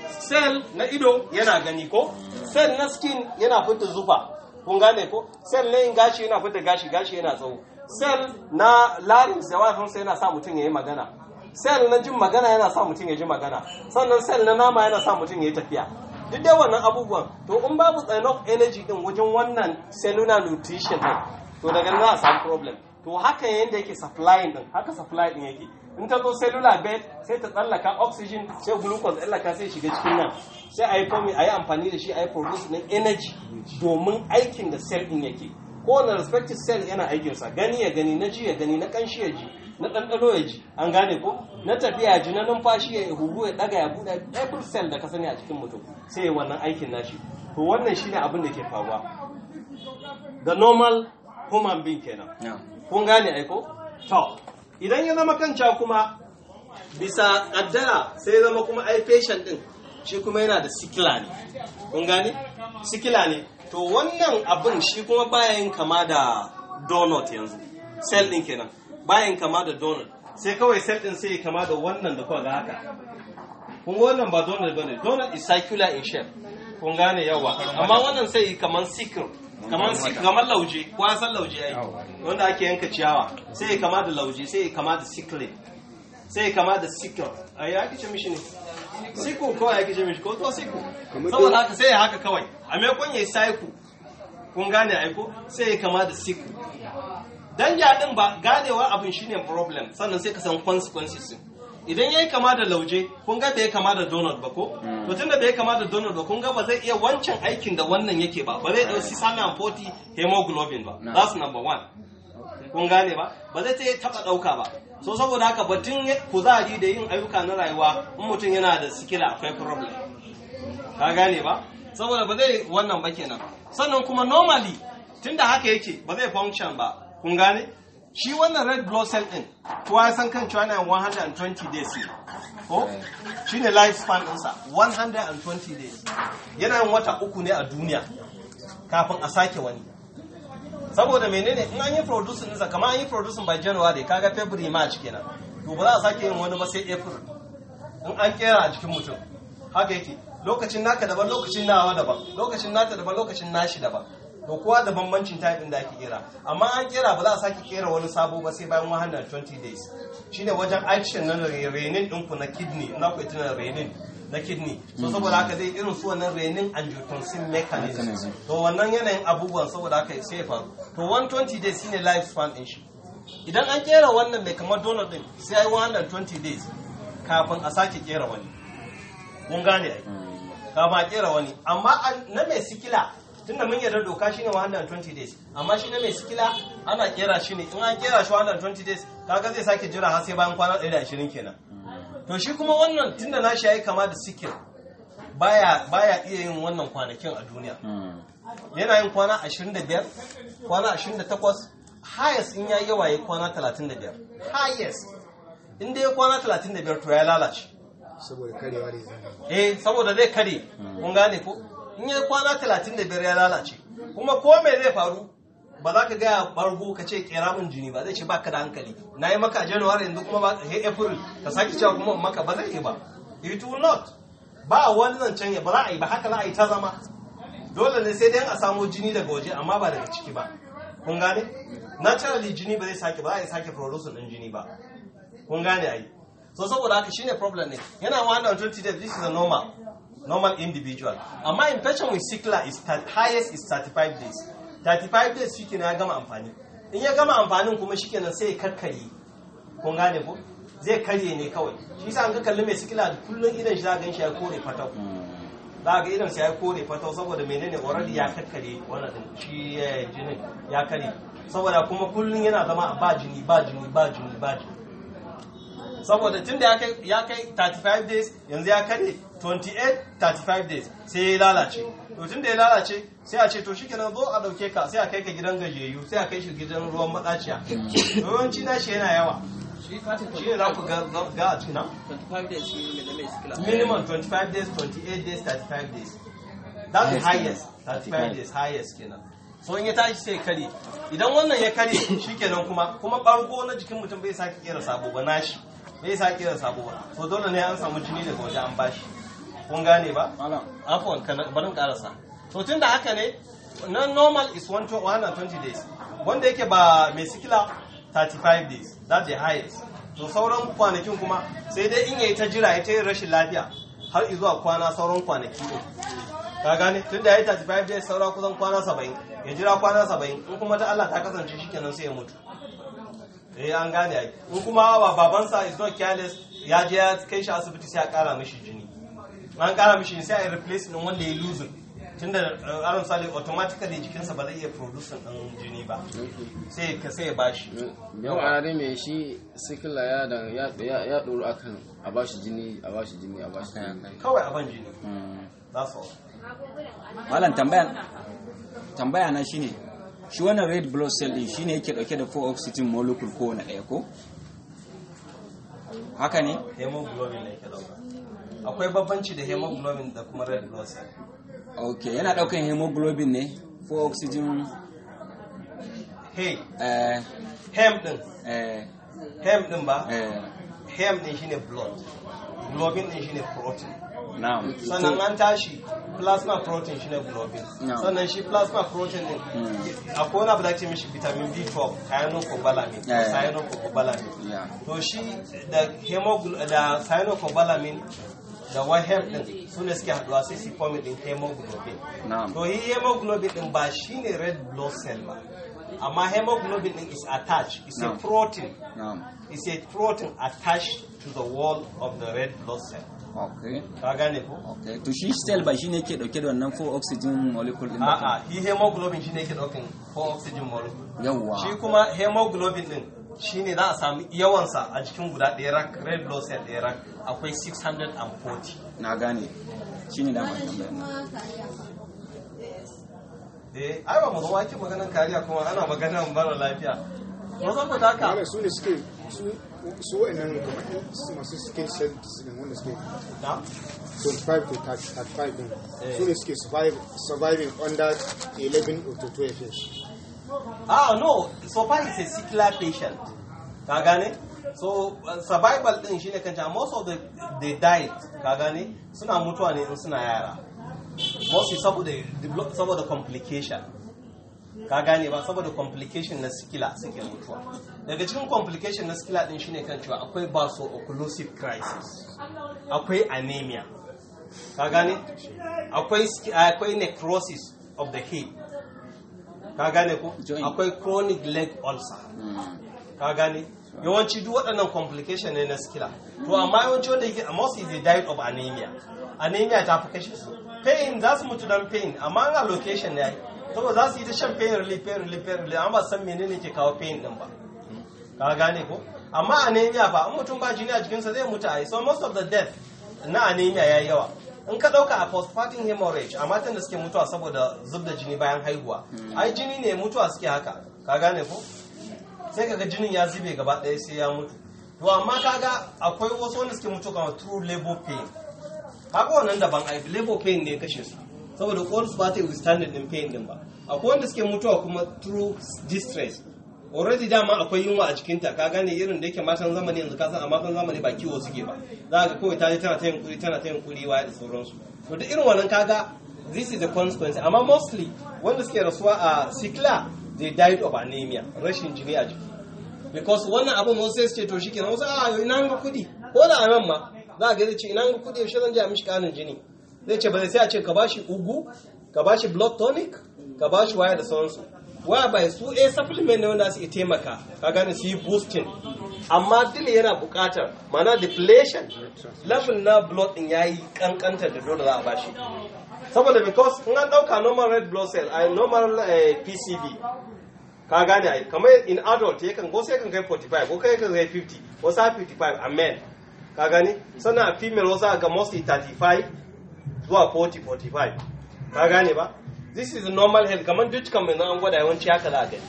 cell na ido yana gani ko cell na skin yana fita zufa kun gane ko cell na yin gashi yana fita gashi gashi yana tsawo cell na larynx da wayansa yana sa mutum ya yi magana cell na jin magana yana sa mutum ya ji magana sannan cell na nama yana sa mutum ya yi tafiya duk dai wannan abubuwan to in babu enough energy din wajen wannan cellular nutrition din to daga nan za a samu problem to haka da yake supplying din haka supply din yake in ta zo cellular bed sai ta tsallaka oxygen sai glucose tsallaka sai shiga cikin nan sai a yi fomi a yi amfani da shi a yi produce na energy domin aikin da cell din yake na respective cell yana aikinsa gani ya gani na ji ya gani na kanshi ya ji na ɗanɗano ya ji an gane ko na tafiya ji na numfashi ya huhu ya ɗaga ya buɗe every cell da ka sani a cikin mutum sai ya wannan aikin nashi to wannan shi ne abin da ke faruwa the normal human being kenan kun gane aiko to idan ya zama kanca kuma bisa kaddara sai zama kuma ai ɗin, din shi kuma yana da sikila ne kun gane sikila ne to wannan abin shi kuma bayan kama da donut yanzu cell din kenan bayan kama da donut sai kawai cell din sai kama da wannan da kuka ga haka kun wannan ba donut bane donut is circular in shape kun gane yawa amma wannan sai kaman sikil kamar su kamar lauje kwasan an san lauje wanda ake yanka ciyawa sai ya kama da lauje sai ya kama da sickle sai ya kama da sickle ai ya kice mishi ne sickle kawai ya kice mishi ko to sickle saboda haka sai ya haka kawai a maimakon ya yi cycle kun gane aiko sai ya kama da sickle dan ya din ba ganewa abin shine problem sannan sai ka san consequences idan ya yi kama da lauje kun ga bai kama da donald ba ko hmm. to da bai kama da donald ba kun ga ba zai iya wancan aikin da wannan yake ba ba zai dau hmm. foti hemoglobin ba hmm. that's number one kun gane ba ba zai taba dauka ba so saboda haka batun kuzari da yin ayyuka na rayuwa in mutum yana da sikila akwai problem ka gane ba saboda ba zai wannan ba kenan sannan kuma normally tunda haka yake ba zai function ba kun gane shi wannan red blood cell din kuwa ya san kan cewa na 120 days ne ko shi ne life span ɗinsa 120 days yana yin wata uku ne a duniya kafin a sake wani saboda menene in an yi producing ɗinsa kamar an yi producing by january kaga february march kenan to ba za a sake yin wani ba sai april in an kera a jikin mutum haka yake lokacin naka daban lokacin nawa daban lokacin nata daban lokacin nashi daban to kowa da bambancin ta da ake kera amma an kera ba za a sake kera wani sabo ba sai bayan 120 days Shi ne wajen aikishin na renin ɗinku na kidney na ku na renin na kidney so mm-hmm. saboda haka zai irin su wannan renin angiotensin mechanism to wannan yanayin abubuwan saboda haka sai faru to 120 days shine life span din shi idan an kera wannan mai kamar donald din sai ai 120 days kafin a sake kera wani kun gane ai mm-hmm. kafin a kera wani amma na mai sikila tunda mun yarda doka shine 120 days amma shi na mai sikila ana kera shi ne in an kera shi 120 days kaga zai sake jira har sai bayan kwana 120 kenan to shi kuma wannan tunda nashi yayi kama da sikil baya baya iya yin wannan kwanakin a duniya hmm. yana yin kwana 25 kwana 28 highest in yayi yawa yayi kwana 35 highest in dai kwana 35 to ya lalace saboda karewa ne eh saboda zai kare hmm. kun gane ko in ya kwana talatin da biyar ya lalace kuma ko me zai faru ba za ka gaya bargo ka ce kera min jini ba zai ce baka da hankali na yi maka januwari yanzu kuma ba he april ka sake cewa kuma maka ba zai yi ba it will not ba a wani zancen ya ba za a yi ba haka za a yi ta zama dole ne sai dai a samo jini daga waje amma ba daga ciki ba kun gane naturally jini ba zai sake ba za a yi sake producing din jini ba kun gane ai so saboda haka shine problem ne yana 120 days this is a normal normal individual amma infection with sickler is highest is 35 days 35 days shike ya gama amfani in ya gama amfanin kuma shikenan sai ya karkare kun gane ko zai karye ne kawai shi sa an ka kalli mai sickler da kullun idan shi za gan shi ya kore fatau za ga idan shi ya kore fatau saboda menene already ya karkare wannan din shi eh, jinin ya kare saboda kuma kullun yana zama a ba jini ba jini ba jini ba jini saboda tun da ya kai 35 days yanzu ya kare 28-35 days sai ya lalace tun da ya lalace sai a ce to shikenan zo a dauke ka sai a kai ka gidan gajeyu sai a kai shi gidan ruwan matsaciya yawanci na shi yana yawa shi ne za ku ga a cikin 25 minimum 25 days 28 days 35 days that is highest 35 days highest kenan so in ya tashi sai kare idan wannan ya kare shikenan kuma kuma bargo na jikin mutum bai sake kera sabo ba nashi bai sake kera sabo ba to dole ne an samu jini daga waje an bashi kun gane ba afwan barin karasa so tun da haka ne na normal is 120 days wanda yake ba mai sikila 35 days that's the highest to sauran kwanakin kuma sai dai in yi ta jira ya ta yin rashin lafiya har zuwa kwana sauran kwanaki ne ka gane tun da ya yi 35 days saura kusan kwana 70 ya jira kwana 70 in kuma ta Allah ta kasance kenan sai ya mutu eh an gane ai in kuma babansa is not careless ya je ya kai shi asibiti sai ya kara mishi jini an kara mishi sai a replace din wanda ya lose tunda uh, aron sale automatically jikinsa ba zai iya produce din jini ba sai ka sai ba shi yau a rari mai shi sikila ya da ya doro akan a ba shi jini a ba shi jini a ba shi jini kawai a ban jini that's all malam tambaya tambaya na shine shi wannan red blood cell din shine yake dauke da 4 oxygen molecule ko na daya ko haka ne hemoglobin ne yake dauka akwai bambanci da hemoglobin da kuma red blood cell ok yana daukan hemoglobin ne for oxygen eh. hem din eh. hem din ba eh. hem din shine blood globin din shine protein sannan an tashi plasma protein shine globin sannan shi plasma protein din hmm. a kona abu da ake mishi vitamin b12 cyanocobalamin cyanocobalamin to shi da hemoglobin da cyanocobalamin da wahel din su ne suke haduwa sai su form din hemoglobin to yi hemoglobin din ba shine red blood cell ba amma hemoglobin din is attached is a protein Is a protein attached to the wall of the red blood cell Okay. Ka gane ko? Okay. To shi cell ba shine ke dauke da wannan 4 oxygen molecule din ba. A'a, shi hemoglobin shine ke dauke 4 oxygen molecule. Yawwa. Shi kuma hemoglobin din shine za a samu yawansa a cikin guda ɗaya rak red blood cell ɗaya rak. akwai 640 na gane shi ne damar eh ai ba mu ake maganan kariya kuma ana mara lafiya ba ku daka wanda su ne suke su masu wanda suke 25 to 35 eh. su ne suke surviving under 11 12 years ah no so far a sickler patient gane so uh, survival din shine kanta most of the they died ka gane suna mutuwa ne in suna yara most mostly saboda saboda complication ka gane ba saboda complication na sikila suke mutuwa daga cikin complication na sikila din shine kan cewa akwai baso occlusive crisis akwai anemia ka gane akwai akwai necrosis of the hip ka gane ko akwai chronic leg ulcer hmm. ka gane yawanci duk waɗannan complication ne na sikila to amma yawanci wanda yake most is diet of anemia anemia ta fi kashe su pain za su mutu dan pain amma an allocation ne yayi saboda za su yi ta shan pain relief pain relief pain relief amma san menene ke kawo pain din ba ka gane ko amma anemia ba in mutum ba jini a jikinsa zai mutu a so most of the death na anemia yayi yawa in ka dauka a postpartum hemorrhage a matan da suke mutuwa saboda zub da jini bayan haihuwa ai jini ne mutuwa suke haka ka gane ko sai kaga jinin ya zube gaba ɗaya sai ya mutu to amma kaga akwai wasu wanda suke mutu kamar true labor pain kaga wannan daban ai labor pain ne kashe su saboda ko su ba ta yi withstanding din pain din ba akwai wanda suke mutuwa kuma true distress already dama akwai yunwa a ta ka gane irin da yake matan zamani yanzu kasan a matan zamani ba kiwo suke ba za ka kawai ta je tana ta yin kuri tana ta yin kuri wa da sauransu to duk irin wannan kaga this is the consequence amma mostly wanda suke rasuwa a sikla they died of anemia rashin jini a jiki because wannan abin wasu sai su ce to shikenan wasu a ah, ina ga kudi ko da anan ma za ga zai ce ina ga kudi yaushe zan je a mishi kanin jini zai ce ba zai sai a ce ka bashi ugu ka bashi blood tonic ka bashi waya da sauransu waya bai su eh supplement ne wanda su iya taimaka ka gane su yi boosting amma dole yana buƙatar mana deflation level na blood din yayi kankanta da dole za a bashi saboda because in an ɗauka normal red blood cell a normal eh, PCV. ka gane ai kamar in adult ya kan go ya kan kai 45 ko kai ya kan kai 50 wasu 55 a men ka gane sana a female wasu ga mostly 35 zuwa 40 45 ka gane ba this is normal health kamar duk kan mai an gwada yawanci haka za a gani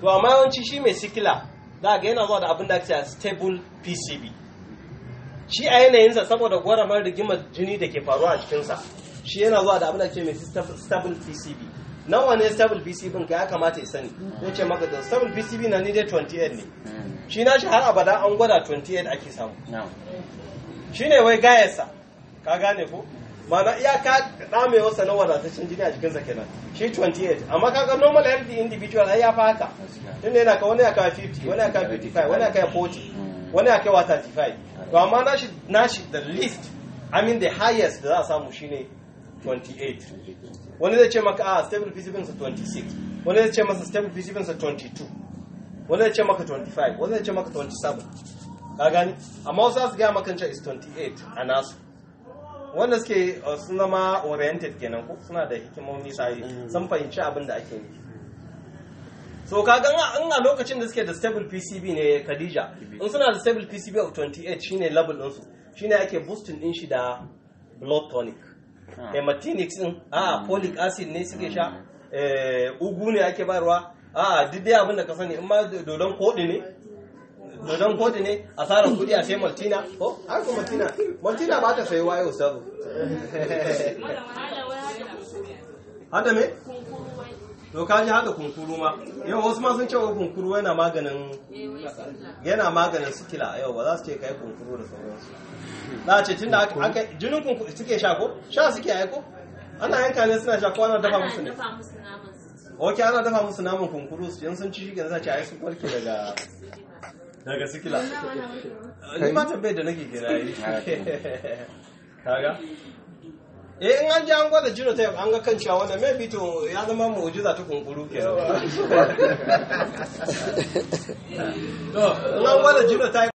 to amma yawanci shi mai sikila za a ga yana zuwa da abin da ake stable pcb shi a yanayinsa saboda gwara gwaramar rigimar jini da ke faruwa a cikinsa shi yana zuwa da abin da ake mai stable pcb nawa ne stable pcb ka ya kamata ya sani ko ce maka da stable pcb na ni dai 28 ne hmm. shi na shi har abada an gwada 28 ake samu shi ne wai gayarsa ka gane ko mana iyaka damewarsa na wadataccen jini a jikinsa kenan shi 28 amma kaga normal healthy individual ai ya fi haka da yana ka wani ya kawo 50 wani ya kawo 55 wani ya kawo 40 hmm. wani ya kawo 35 to amma nashi nashi the least i mean the highest da za a samu shine 28 wani zai ce maka ah, a stable physicals 26 wani zai ce masa stable physicals 22 wani zai ce maka 25 wani zai ce maka 27 ka gani amma wasu su gaya maka is 28 a nasu wanda suke uh, sun zama oriented kenan ko suna da hikimomi sai mm. sun fahimci abin da ake nufi so ka gan in a lokacin da suke da stable PCB ne Khadija in suna da stable PCB of 28 shine level din su shine ake boosting din shi da blood tonic hematinics ah. eh, din a ah, hmm. folic acid ne suke sha hmm. eh, ugu ne ake bayarwa a ah, duk dai abin da ka sani in ma dodon kodi ne dodon kodi ne a tsara kudi a sai maltina ko har ko maltina maltina ba ta sayuwa yau sabu hada me to ka ji haka kunkuru ma yau wasu ma sun ce wa kunkuru yana maganin yana maganin sikila yau ba za su ce kai kunkuru da sauransu na ce tunda aka jinin kunkuru suke sha ko sha suke aiko ana yanka ne suna sha ko ana dafa musu ne ok ana dafa musu naman kunkuru su yan sun ci shi ce a yi su kwarke daga daga sikila ni ma tabbai da nake yi kaga eh in an ji an gwada genotype an ga kan cewa wannan maybe to ya zama mu'jiza ta kunkuru kenan to in an gwada genotype